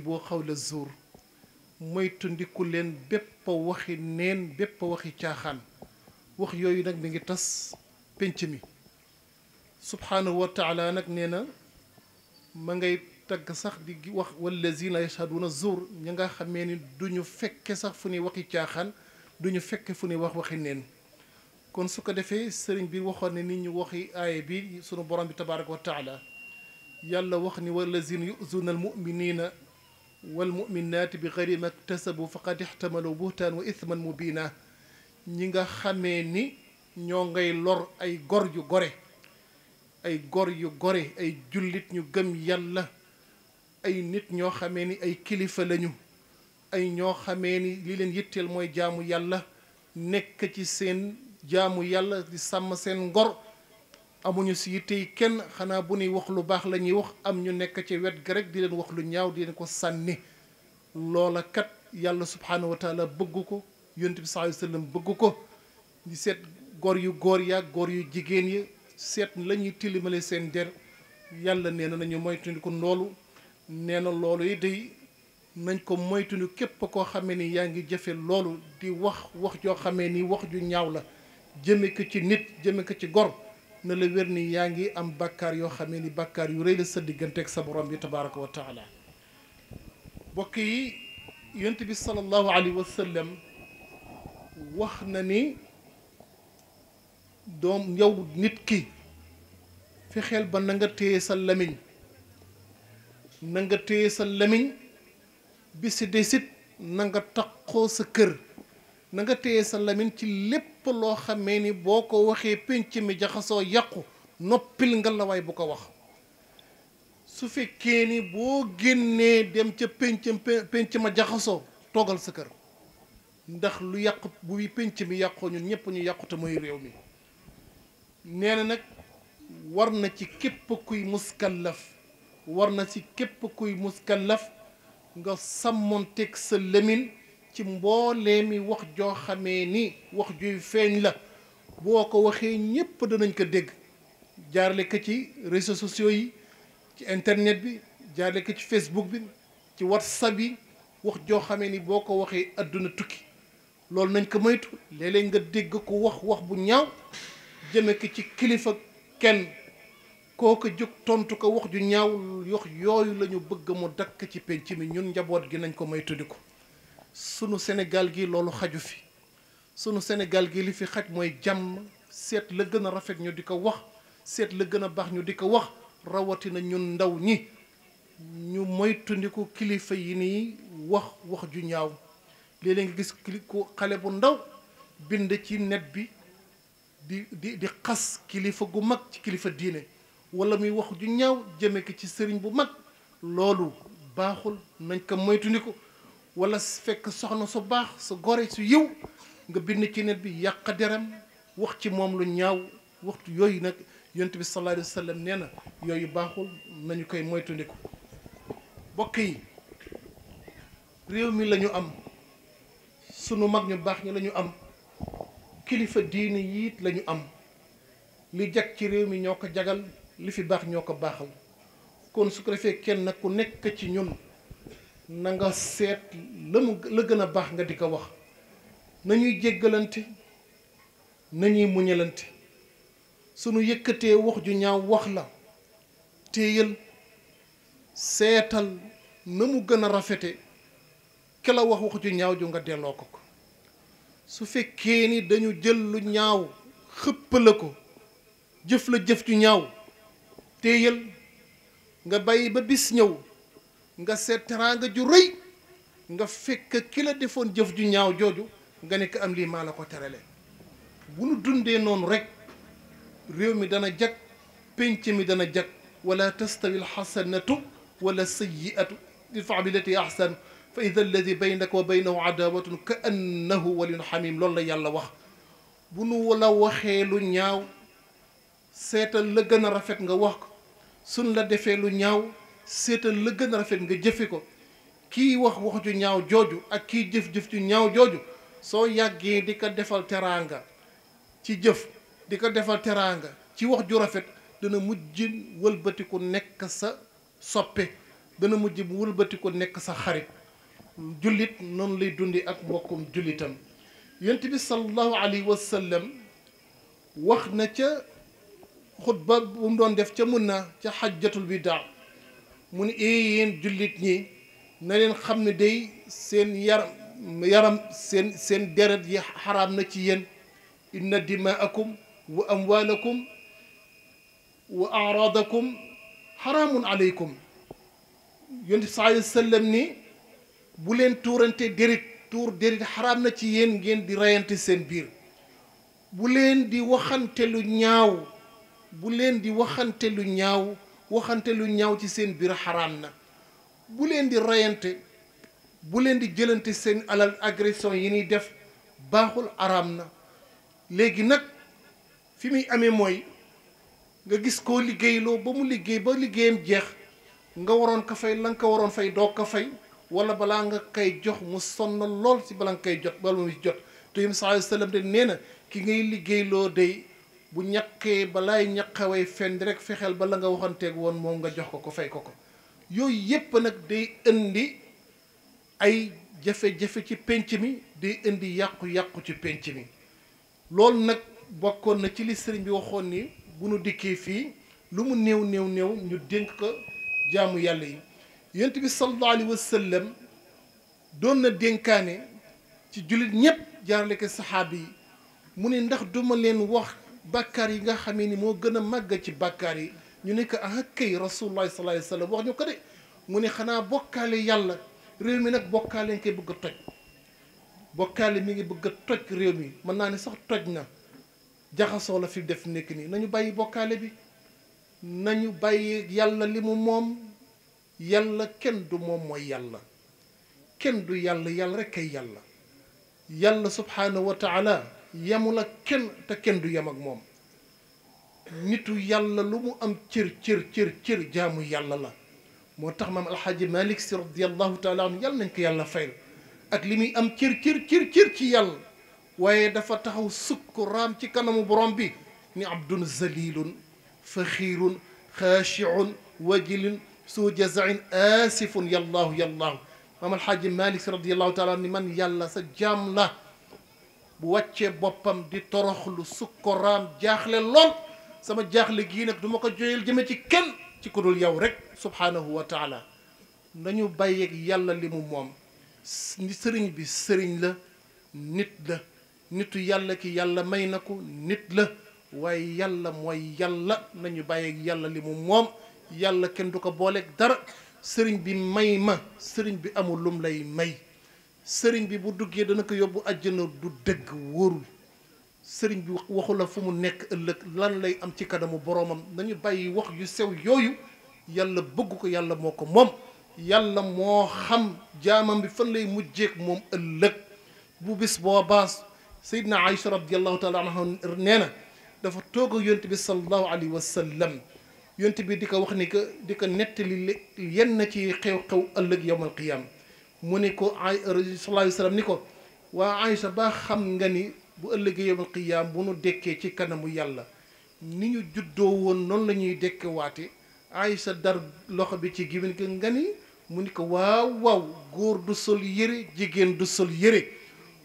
boo xaw la zuur moytundiku leen bépp waxi neen bépp waxi caaxaan wax yooyu nag mi ngi tas pénc mi subhaanahu wa taala nag nee na ma ngay tagg sax di wax wallazina yashhaduna zur ñi nga xamee ni duñu fekke sax fu ñuy waxi caaxaan duñu fekke fu ñuy wax waxi neen kon su ko defee sëriñ bi waxoon ne ni ñu waxi aaya bi sunu borom bi tabaraka wa taala yàlla wax ni wallazina yuzuna almuminina wal walmuminaati bi gayri maktasabu faqad ixtamalu buhtaan wa ithman mubina ñi nga xamee ni ñoo ngay lor ay gor yu gore ay gor yu gore ay jullit ñu gëm yàlla ay nit ñoo xamee ni ay kilifa lañu ay ñoo xamee ni li leen yitteel mooy jaamu yàlla nekk ci seen jaamu yàlla di sàmm seen ngor amuñu si yittey kenn xanaa bu ñuy wax lu baax la ñuy wax am ñu nekk ci wet ga di leen wax lu ñaaw di leen ko sànni loola kat yàlla subhaanahu wa taala bëgg ko yonent bi sallallahu alayhi wasallam bëgg ko di seet góor yu góor ya góor yu jigéen ya seet la ñuy tilimale seen der yàlla nee na nañu moytundi ko loolu nee na loolu yi day nañ ko moytundi képp koo xamee ni yaa ngi jëfe loolu di wax wax joo xamee ni wax ju ñaaw la jëme ko ci nit jëme ko ci góor na la wér ni yaa ngi am bàkkaar yoo xamee ni bàkkaar yu rëy la sa digganteeg sa borom bi tabaraka wa taala mbokk yi yonent bi sallallahu alayhi wa sallam wax na ni doom yow nit ki fexeel ba na nga téye sa lamiñ na nga téye sa lamiñ bi si desit na nga taqoo sa kër na nga téye sa lamiñ ci lépp lépp loo xamee ni boo ko waxee pénc mi jaxasoo yàqu noppil nga la bu ko wax su fekkee ni boo génnee dem ca pénc pénc ma jaxasoo toogal sa kër ndax lu yàqu buy pénc mi yàqoo ñun ñëpp ñu yàqute mooy réew mi nee na nag war na ci képp kuy muskallaf war na ci képp kuy muskallaf nga sàmmonteeg sa lëmin ci mboolee mi wax joo xamee ni wax juy feeñ la boo ko waxee ñépp danañ ko dégg jaarle ko ci réseaux sociaux yi ci internet bi jaarale ko ci facebook bi ci whatsapp yi wax joo xamee ni boo ko waxee àdduna tukki loolu nañ ko moytu léeg nga dégg ko wax wax bu ñaaw jëme ko ci kilifa kenn koo ko jóg tontu ko wax ju ñaaw wax yooyu lañu bëgg mu dakk ci penc mi ñun njaboot gi nañ ko moytu di ko sunu senegaal gi loolu xaju fi sunu Sénégal gi li fi xaj mooy jàmm seet la gën a rafet ñu di ko wax seet la gën a baax ñu di ko wax rawatina ñun ndaw ñi ñu moytundiku kilifa yi nii wax wax ju ñaaw léeg-léeg nga gis ku xale bu ndaw bind ci net bi di di xas kilifa gu mag ci kilifa diine wala muy wax ju ñaaw jëme ko ci sëriñ bu mag loolu baaxul nañ ko moytundiku wala fekk soxna su baax su gore su yiw nga bind ci net bi yàq deram wax ci moom lu ñaaw waxtu yooyu nag yonent bi sallallahu alayhi wa sallam nee na yooyu baaxul nañu koy moytandiku mbokk yi réew mi lañu am sunu mag ñu baax ñi lañu am kilifa diini yiit lañu am li jag ci réew mi ñoo ko jagal li fi baax ñoo ko baaxal kon su ko defee kenn ku nekk ci ñun na nga seet la mu la gën a baax nga di ko wax nañuy jéggalante nañuy muñalante sunu yëkkatee wax ju ñaaw wax la téyal seetal na mu gën a rafete ki la wax wax ju ñaaw ju nga delloo ko ko su fekkee ni dañu jël lu ñaaw xëpp ko jëf la jëf ju ñaaw téyal nga bàyyi ba bis ñëw nga seet teraanga ju rëy nga fekk ki la defoon jëf ju ñaaw jooju nga nekk am lii maa la ko terale bu nu dundee noonu rek réew mi dana jag penc mi dana jag wala tastawi alxasanatu wala sayiatu idfa billati ahsan fa ida alladi baynaka wa baynahu adawatun ka annahu waliyun xamim loolu la yàlla wax bu nu la waxee lu ñaaw seetal la gën a rafet nga wax ko suñ la defee lu ñaaw seetal la gën a rafet nga jëfe ko kii wax wax ju ñaaw jooju ak kii jëf-jëf ju ñaaw jooju soo yàggee di ko defal teraanga ci jëf di ko defal teraanga ci wax ju rafet dana mujj wëlbatiku nekk sa soppe dana mujj wëlbatiku nekk sa xarit jullit noonu lay dundi ak mbokkum jullitam yonent bi sallallahu alayhi wa wax na ca xutba bu mu doon def ca mun na ca xajjatul bidaa mu ne ee eh, yéen jullit ñi na leen xam ne day seen yaram yaram seen seen deret yi xaraam na ci yéen inna dimaakum wa amwaalakum wa araadakum xaraamun aleykum yonent bi sallallahu alayhi wa ni bu leen tuurante dérit tuur dérit xaraam na ci yéen ngeen di reyante seen biir bu leen di waxante lu ñaaw bu leen di waxante lu ñaaw waxante lu ñaaw ci seen biir xaraan na bu leen di reyante bu leen di jëlante seen alal agression yi ñuy def baaxul araam na léegi nag fi muy amee mooy nga gis koo liggéeyloo ba mu liggéey ba liggéeyam jeex nga waroon ko fay la nga ko waroon fay doo ko fay wala balaa nga koy jox mu sonn lool ci bala nga koy jot bala muy jot te yim sallallahu alayhi wa de nee na ki ngay liggéeyloo day bu ñaqee balaay ñaqawee fend rek fexeel ba la nga waxanteeg woon moom nga jox ko ko fay ko ko yooyu yépp nag day indi ay jafe-jafe ci penc mi day indi yàqu-yàqu ci penc mi loolu nag bokkoon na ci li sëriñ bi waxoon ni bu nu dikkee fii lu mu néew néew néew ñu dénk ko jaamu yàlla yi yent bi sallallahu alayhi doon na dénkaane ci jullit ñépp jaarale ko saxaaba yi mu ne ndax duma leen wax bàkkaar yi nga xamee ni moo gën a màgg ci bàkkaar yi ñu ne ko ah kay rasulullah sallallahu wax ñu ko de mu ne xanaa bokkaale yàlla réew mi nag bokkaale lañ koy bëgg a toj bokkaale mi ngi bëgg a toj réew mi mën naa ne sax toj na jaxasoo la fi def nekk nii nañu bàyyi bokkaale bi nañu bàyyi yàlla li mu moom yàlla kenn du moom mooy yàlla kenn du yàlla yàlla rekk ay yàlla yàlla subhaanahu wa taala yemul ak kenn te kenn du yem ak moom nitu yàlla lu mu am cër cër cër cër jaamu yàlla la moo tax maam alxaaji malik si radiallahu taala anhu yàlla nañ ko yàlla fayal ak li muy am cër cër cër cër ci yàlla waaye dafa taxaw sukk raam ci kanamu borom bi ni abdun zalilun faxiirun xaashiun wajilun suu jazain aasifun yallaahu yallaahu maam alxaaji malik si radiallahu taala ni man yàlla sa jaam la bu wàccee boppam di toroxlu sukkoraam jaaxle lool sama jaaxle gii nag du ma ko joyal jëme ci kenn ci ku dul yow rek subhaanahu wa taala nañu bàyyeeg yàlla li mu moom ni sëriñ bi sëriñ la nit la nitu yàlla ki yàlla may na ko nit la waaye yàlla mooy yàlla nañu bàyyeeg yàlla li mu moom yàlla kenn du ko booleeg dara sëriñ bi may ma sëriñ bi amul lum lay may sëriñ bi bu duggee dana ko yóbbu àjjana du dëgg wóorul sëriñ bi waxu la fu mu nekk ëllëg lan lay am ci kanamu boromam nañu bàyyi wax yu sew yooyu yàlla bëgg ko yàlla moo ko moom yàlla moo xam jaamam bi fan lay mujjeek moom ëllëg bu bis boobaa sayidna aïcha radiallahu taala anha nee na dafa toog ak yonent bi salallahu alayhi wa sallam bi di ko wax ni que di ko nettali yenn ci xew ëllëg yowmal mu ne ko sallallahu alayhi wa sallam ni ko waa Aïcha ba xam nga ni bu ëllëgee yawmal qiyaam bu nu dekkee ci kanamu yàlla ni ñu juddoo woon noonu lañuy ñuy dekke waate Aïcha dar loxo bi ci gémmiñ gi nga ni mu ni ko waaw waaw góor du sol yére jigéen du sol yére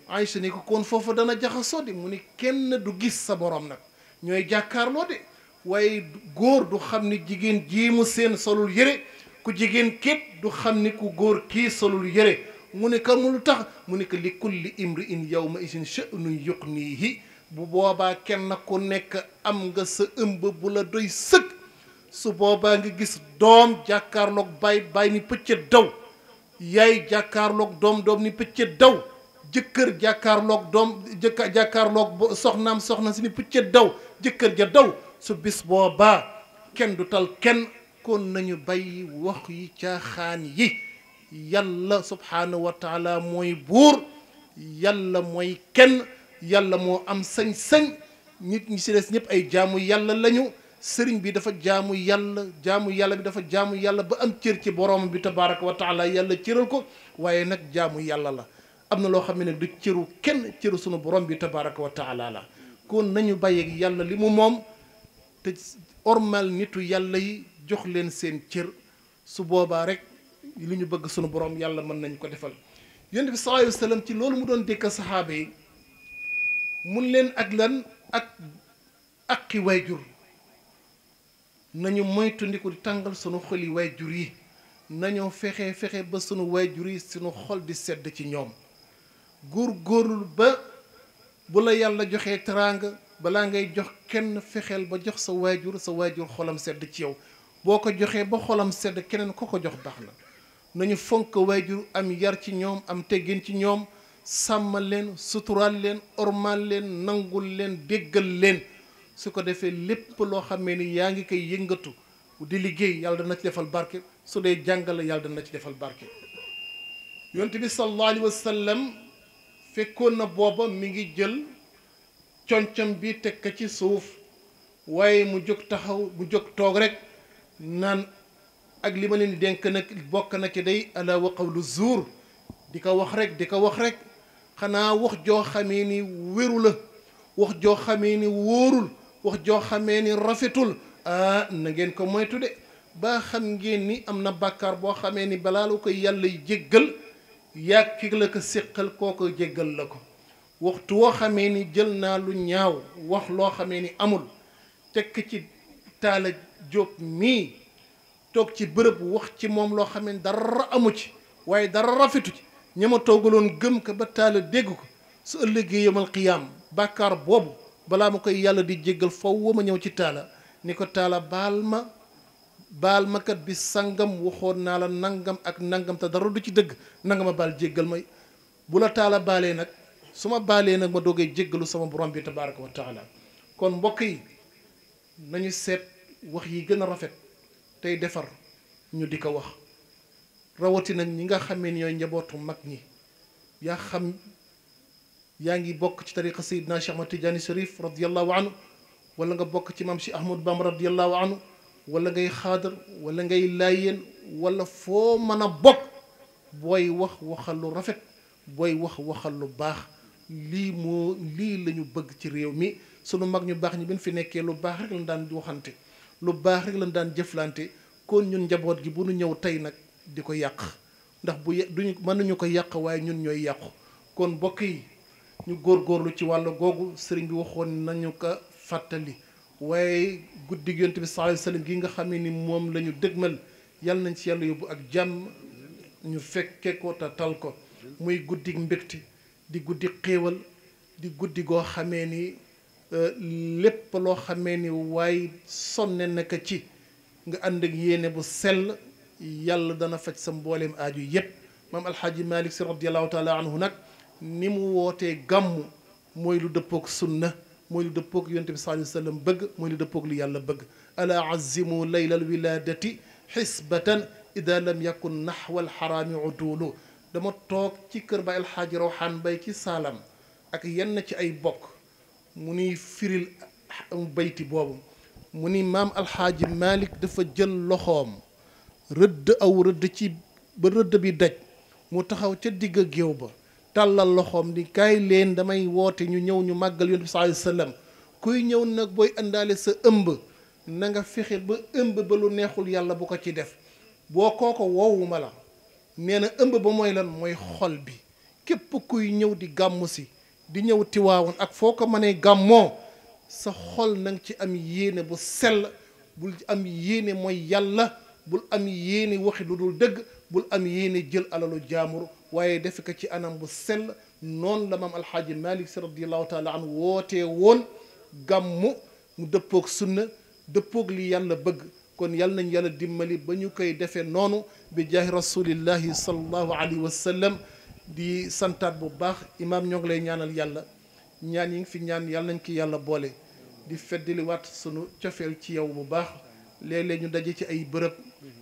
Aïcha ni ko kon foofu dana jaxasoo de mu ni kenn du gis sa borom nag ñooy jàkkaarloo de waaye góor du xam ni jigéen mu seen solul yére ku jigéen képp du xam ni ku góor kii solul yére mu ne kan lu tax mu ne que li kulli imri in yawma isin sha'nun yuqnihi bu boobaa kenn ku nekk am nga sa ëmb bu la doy sëkk su boobaa nga gis doom jàkkaarloog baay baay ni pëccët daw yaay jàkkaarloog doom doom ni pëccët daw jëkkër jàkkaarloog doom jëkk jàkkaarloog soxna si ni daw jëkkër ja daw su bis boobaa kenn du tal kenn fekkoon nañu bàyyi wax yi caaxaan yi yàlla subhaanahu wa taala mooy buur yàlla mooy kenn yàlla moo am sañ-sañ nit ñi si des ñëpp ay jaamu yàlla lañu sëriñ bi dafa jaamu yàlla jaamu yàlla bi dafa jaamu yàlla ba am cër ci boroom bi tabaraka wa yàlla cëral ko waaye nag jaamu yàlla la am na loo xam ne du cëru kenn cëru sunu borom bi tabaraka wa taala nañu bàyyeeg yàlla li mu moom te ormal nitu yàlla yi jox leen seen cër su boobaa rek li ñu bëgg sunu borom yàlla mën nañ ko defal yonent bi sallallahu alayhi ci loolu mu doon dëkk saxaaba yi mun leen ak lan ak aqi wayjur nañu moytundiku di tàngal sunu xol yi wayjur yi nañoo fexe fexe ba sunu wayjur yi sunu xol di sedd ci ñoom góor góorul ba bu la yàlla joxee teraanga balaa ngay jox kenn fexeel ba jox sa waajur sa waajur xolam sedd ci yow boo ko joxee ba xolam sedd keneen ku ko jox baax na nañu fonk waajur am yar ci ñoom am teggin ci ñoom sàmm leen suturaal leen ormaal leen nangul leen déggal leen su ko defee lépp loo xamee ni yaa ngi koy yëngatu di liggéey yàlla na ci defal barke su dee jàngale yàlla na ci defal barke yonent bi sallallahu alayhi wa sallam fekkoon na booba mi ngi jël concam bi teg ko ci suuf waaye mu jóg taxaw mu jóg toog rek naan ak li ma leen di dénk nag bokk na ki day ala lu qawlu di ko wax rek di ko wax rek xanaa wax joo xamee ni wéru la wax joo xamee ni wóorul wax joo xamee ni rafetul ah na ngeen ko moytu de ba xam ngeen ni am na bàkkaar boo xamee ni balaa la ko yàlla jéggal yàkki la ko séqal kooko jéggal la ko waxtu woo xamee ni jël naa lu ñaaw wax loo xamee ni amul tekk ci taala Diop mii toog ci bërëb wax ci moom loo xam ne dara amu ci waaye dara rafetu ci ña ma toogaloon gëm ko ba taala dégg ko su ëllëgee yomal qiyaam bàkkaar boobu balaa ma koy yàlla di jéggal faw ma ñëw ci taala ni ko taala baal ma baal ma kat bi sangam waxoon naa la nangam ak nangam te dara du ci dëgg nanga ma baal jéggal may bu la taala baalee nag su ma baalee nag ma doogee jéggalu sama borom bi tabaraka wa taala kon mbokk yi nañu seet wax yi gën a rafet tey defar ñu di ko wax rawatina ñi nga xamee ni ñooy njabootu mag ñi yaa xam yaa ngi bokk ci tariqa sayidna Cheikh Ahmad Tidiane Sharif radiallahu anhu wala nga bokk ci mam si Ahmad bam radiallahu anhu wala ngay xaadar wala ngay laayeen wala foo mën a bokk booy wax waxal lu rafet booy wax waxal lu baax lii moo lii la ñu bëgg ci réew mi sunu mag ñu baax ñi bin fi nekkee lu baax rek lañ daan waxante lu baax rek lañ daan jëflante kon ñun njaboot gi bu nu ñëw tey nag di ko yàq ndax bu ye duñu mënuñu ko yàq waaye ñun ñooy yàqu kon mbokk yi ñu góor góorlu ci wàll googu sëriñ bi waxoon nañu ko fàttali waaye guddi yonent bi sallallahu alayhi wasallam gi nga xam ni moom lañu ñu dëgmal yàlla nañ ci yàlla yóbbu ak jàmm ñu fekke ko te ko muy guddi mbégte di guddi xéewal di guddi goo xamee ni lépp loo xamee ni waaye sonne naka ci nga ànd ak yéene bu sell yàlla dana faj sa mbooleem aaju yépp maam alxaaji malik si radiallahu taala anhu nag ni mu wootee gàmm mooy lu dëppook sunna mooy lu dëppook yonte bi sallallahu alayhi wa sallam bëgg mooy lu dëppook lu yàlla bëgg ala azimu laylal wiladati xisbatan ida lam yakun naxwa alxaraami uduulu dama toog ci kër ba alxaaji rawxaan bay ci saalam ak yenn ci ay bokk mu nuy firil bayti boobu mu ni maam alxaaji Malick dafa jël loxoom rëdd aw rëdd ci ba rëdd bi daj mu taxaw ca digg géew ba tàllal loxoom ni kaay leen damay woote ñu ñëw ñu màggal yonent bi sallallaahu alayhi kuy ñëw nag booy indaale sa ëmb na nga fexe ba ëmb ba lu neexul yàlla bu ko ci def boo koo ko woowuma la nee na ëmb ba mooy lan mooy xol bi képp kuy ñëw di gàmmu si di ñëw tiwaawoon ak foo ko mënee gàmmoo sa xol na ci am yéene bu sell bul am yéene mooy yàlla bul am yéene waxi lu dul dëgg bul am yéene jël alalu jaamur waaye defe ko ci anam bu sell noonu la maam alxaaji malik si radiallahu taala an wootee woon gàmmu mu dëppoog sunna dëppoog li yàlla bëgg kon yàlla nañ yàlla dimbali ba ñu koy defee noonu bi jaahi rasulillahi sallallahu alayhi wa sallam di santaat bu baax imaam ñoo ngi lay ñaanal yàlla ñaan yi nga fi ñaan yàlla nañ ki yàlla boole di feddiliwaat sunu cofeel ci yow bu baax léeg-léeg ñu daje ci ay bërëb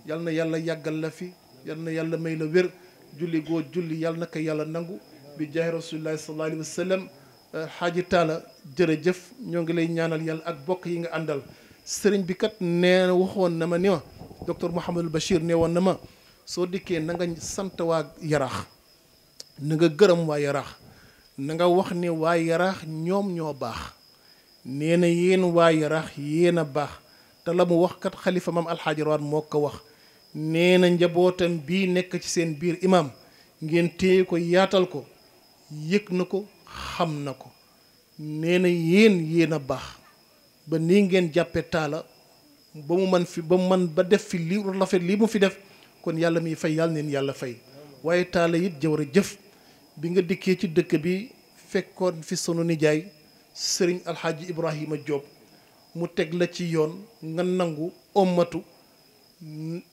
yal na yàlla yàggal la fi yal na yàlla may la wér julli goo julli yal na ko yàlla nangu bi jaahi rasulillahi sallallahu alayhi wa sallam euh, xaaji taala jërëjëf ñoo ngi lay ñaanal yàlla ak bokk yi nga àndal sëriñ bi kat nee waxoon na ma ni ma docteur Mouhamadul Bachir nee woon na ma soo dikkee na nga sant waa na nga gërëm waa yaraax na nga wax ne waa yaraax ñoom ñoo baax nee na yéen waa yaraax yéen a baax te la mu wax kat xalifa maam alxaaji moo ko wax nee na njabootam bii nekk ci seen biir imaam ngeen téye ko yaatal ko yëg na ko xam na ko nee na yéen yéen a baax ba nii ngeen jàppe taala ba mu man fi ba mu man ba def fi li rafet lii mu fi def kon yàlla miy fay yàlla neen yàlla fay waaye taala it jawar jëf bi nga dikkee ci dëkk bi fekkoon fi sunu nijaay sëriñ alxaaji ibrahima Diop mu teg la ci yoon nga nangu ommatu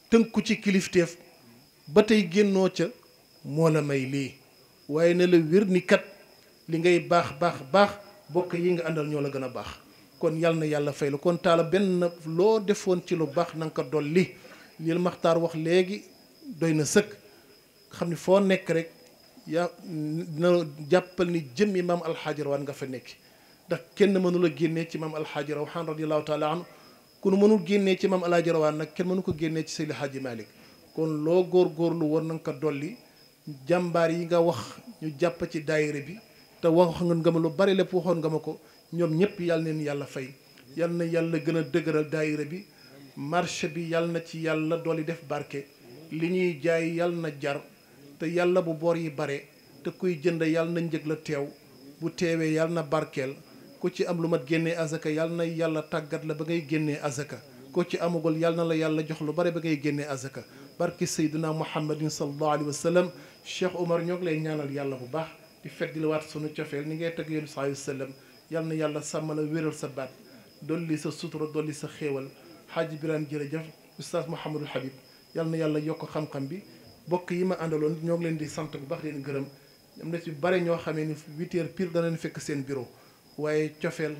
tënku ci kilifteef ba tey génnoo ca moo la may lii waaye ne la wér ni kat li ngay baax baax baax bokk yi nga àndal ñoo la gën a baax kon yal na yàlla fay la kon taala benn loo defoon ci lu baax na ko dolli lii la maxtar wax léegi doy na sëkk xam ni foo nekk rek yaa na jàppal ni yi maam alxaaji rawaan nga fa nekk ndax kenn mënula génne ci maam alxaaji rawaan radiallahu taala anhu kon mënul génnee ci maam alxaaji nag kenn mënu ko génnee ci Seydi Hadji Malick kon loo góorgóorlu war na nga ko dolli jàmbaar yi nga wax ñu jàpp ci daayira bi te wax nga ma lu bari lépp waxoon nga ma ko ñoom ñëpp yàlla neen yàlla fay yàlla na yàlla gën a dëgëral daayira bi marché bi yàlla na ci yàlla dolli def barke li ñuy jaay yàlla na jar te yàlla bu boor yi bare te kuy jënd yàlla na njëg la teew bu teewee yàlla na barkeel ku ci am lu mat génnee azaka yàlla na yàlla tàggat la ba ngay génnee azaka ku ci amagul yàlla na la yàlla jox lu bare ba ngay génnee azaka barki sayduna muhammadin sallallahu alayhi wa sallam cheikh omar ñoo lay ñaanal yàlla bu baax di fedd di la waat sunu cofeel ni ngay teg yéen sallallahu alayhi wa sallam yàlla na yàlla sàmm la wéral sa baat dolli sa sutura dolli sa xéewal xaaji biraan jërëjëf oustaz mouhamadul habib yàlla na yàlla yokk xam bi bokk yi ma àndaloon ñoo ngi leen di sant bu baax leen gërëm am na ci bare ñoo xamee ni huit heures pile dana leen fekk seen bureau waaye cofeel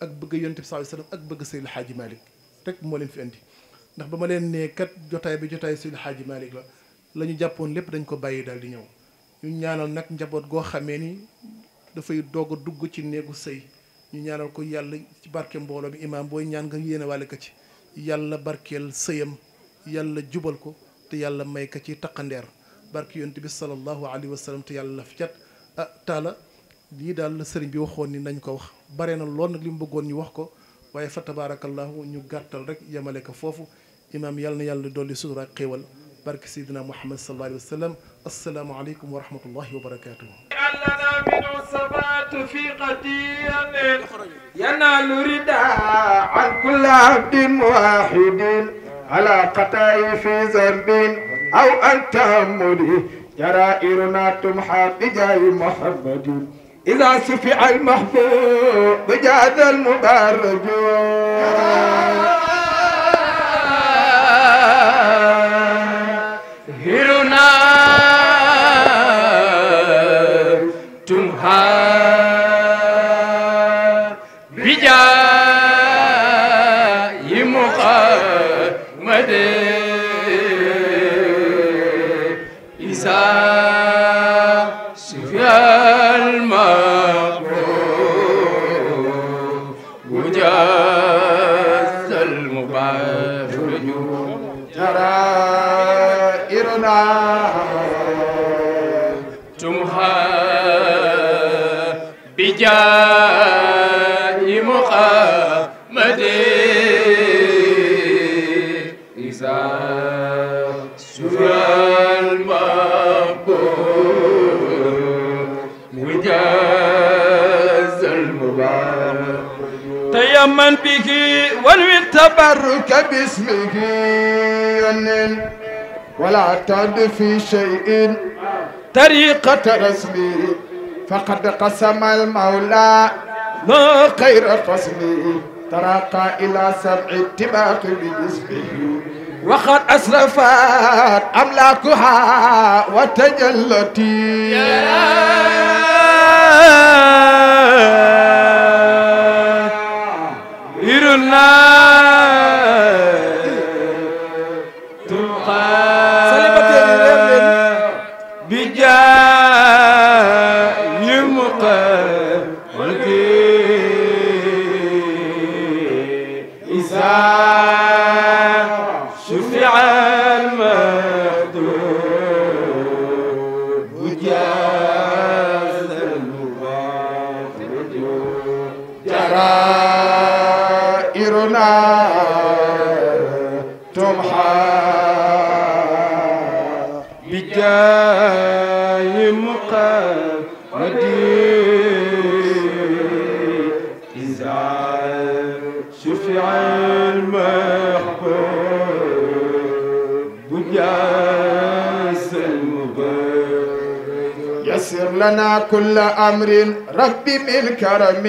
ak bëgg yonent bi sallallahu alayhi wasallam ak bëgg Seydil Hadji Malick rek moo leen fi indi ndax ba ma leen nee kat jotaay bi jotaay Seydil Hadji Malick la la ñu jàppoon lépp dañ ko bàyyi daal di ñëw ñu ñaanal nag njaboot goo xamee ni dafay doog a dugg ci néegu sëy ñu ñaanal ko yàlla ci barke mbooloo bi imaam booy ñaan nga yéene wàlle ko ci yàlla barkeel sëyam yàlla jubal ko تيالا ماي كاتي تاكاندير بارك يونت بي صلى الله عليه وسلم تيالا لافيات تالا لي دال سيرن بي وخون ني نانكو وخ بارينا لون لي مبغون ني وخكو واي فتبارك الله ني غاتال رك يمالك فوفو امام يالنا يالا دولي سورا خيوال بارك سيدنا محمد صلى الله عليه وسلم السلام عليكم ورحمه الله وبركاته علنا من الثبات عن كل عبد واحد على قتاي في ذنب أو أن تهملي جرائرنا تمحى بجاي محمد إذا سفع المحبوب بجاد المبارك من به ونوي التبرك باسمه ولا تعد في شيء طريقة رسمي فقد قسم المولى لا خير قسمي تراقى إلى سبع اتباق باسمه وقد أسرفت أملاكها وتجلتي الله كل أمر ربي من كرم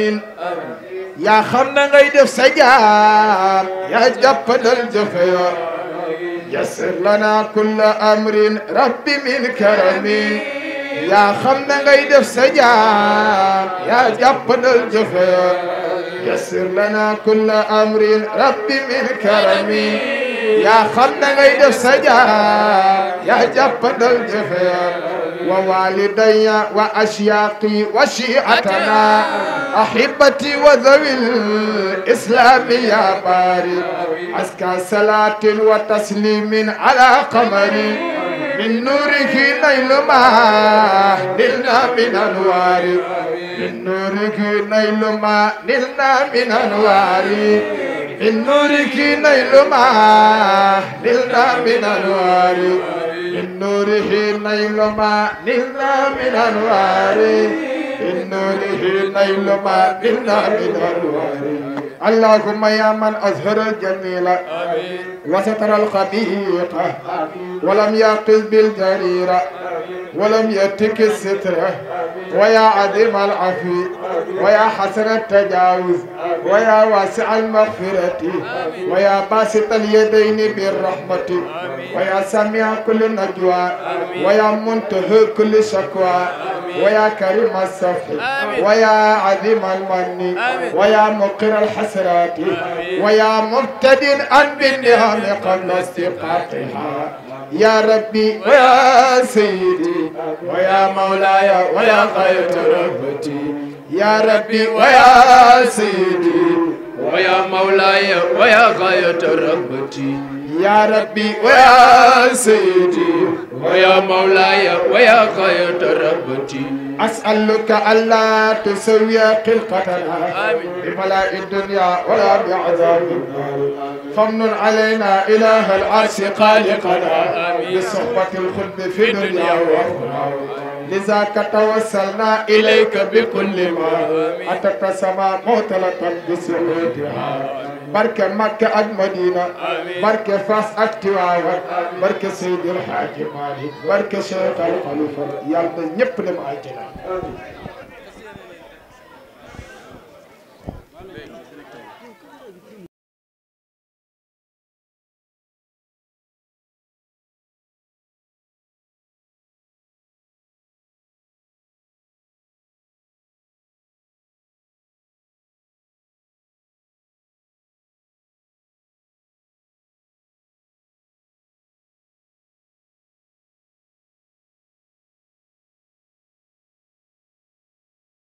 يا خمنا غيد سجام يا جبل الجفيا يسر لنا كل أمر ربي من كرم يا خمنا غيد سجام يا جبل الجفيا يسر لنا كل أمر ربي من كرم يا خمنا غيد سجام يا جبل الجفيا ووالدي وأشياقي وشيعتنا أحبتي وذوي الإسلام يا باري أزكى صلاة وتسليم على قمري من نورك نيل ما نلنا من أنوار من نورك نيل ما نلنا من أنوار من نورك نيل ما نلنا من أنوار من نوره نيل ما نلنا من أنوار من نوره نيل ما نلنا من أنوار اللهم يا من أظهر الجميل وستر الخبيث ولم يقذ بالجريرة ولم يتك الستر ويا عظيم العفو ويا حسن التجاوز ويا واسع المغفرة ويا باسط اليدين بالرحمة ويا سميع كل نجوى ويا منتهى كل شكوى ويا كريم الصف ويا عظيم المن ويا مقر الحسرات ويا مبتدئ بالنعم قبل استيقاظها يا ربي ويا سيدي ويا مولاي ويا خير ربتي يا ربي ويا سيدي ويا مولاي ويا غاية ربتي يا ربي ويا سيدي ويا مولاي ويا خير ربتي أسألك ألا تسوي خلقتنا ببلاء الدنيا ولا بعذاب النار فمن علينا إله العرش خالقنا بصحبة الخلد في الدنيا وأخرى لذاك توسلنا إليك بكل ما أتت السماء موت لك بسعودها barke Makka ak Madina barke Fas ak Tiwaawan barke Seydil Haaji Maalik barke Cheikh Al Khalifa yàlla na ñëpp dem àjjana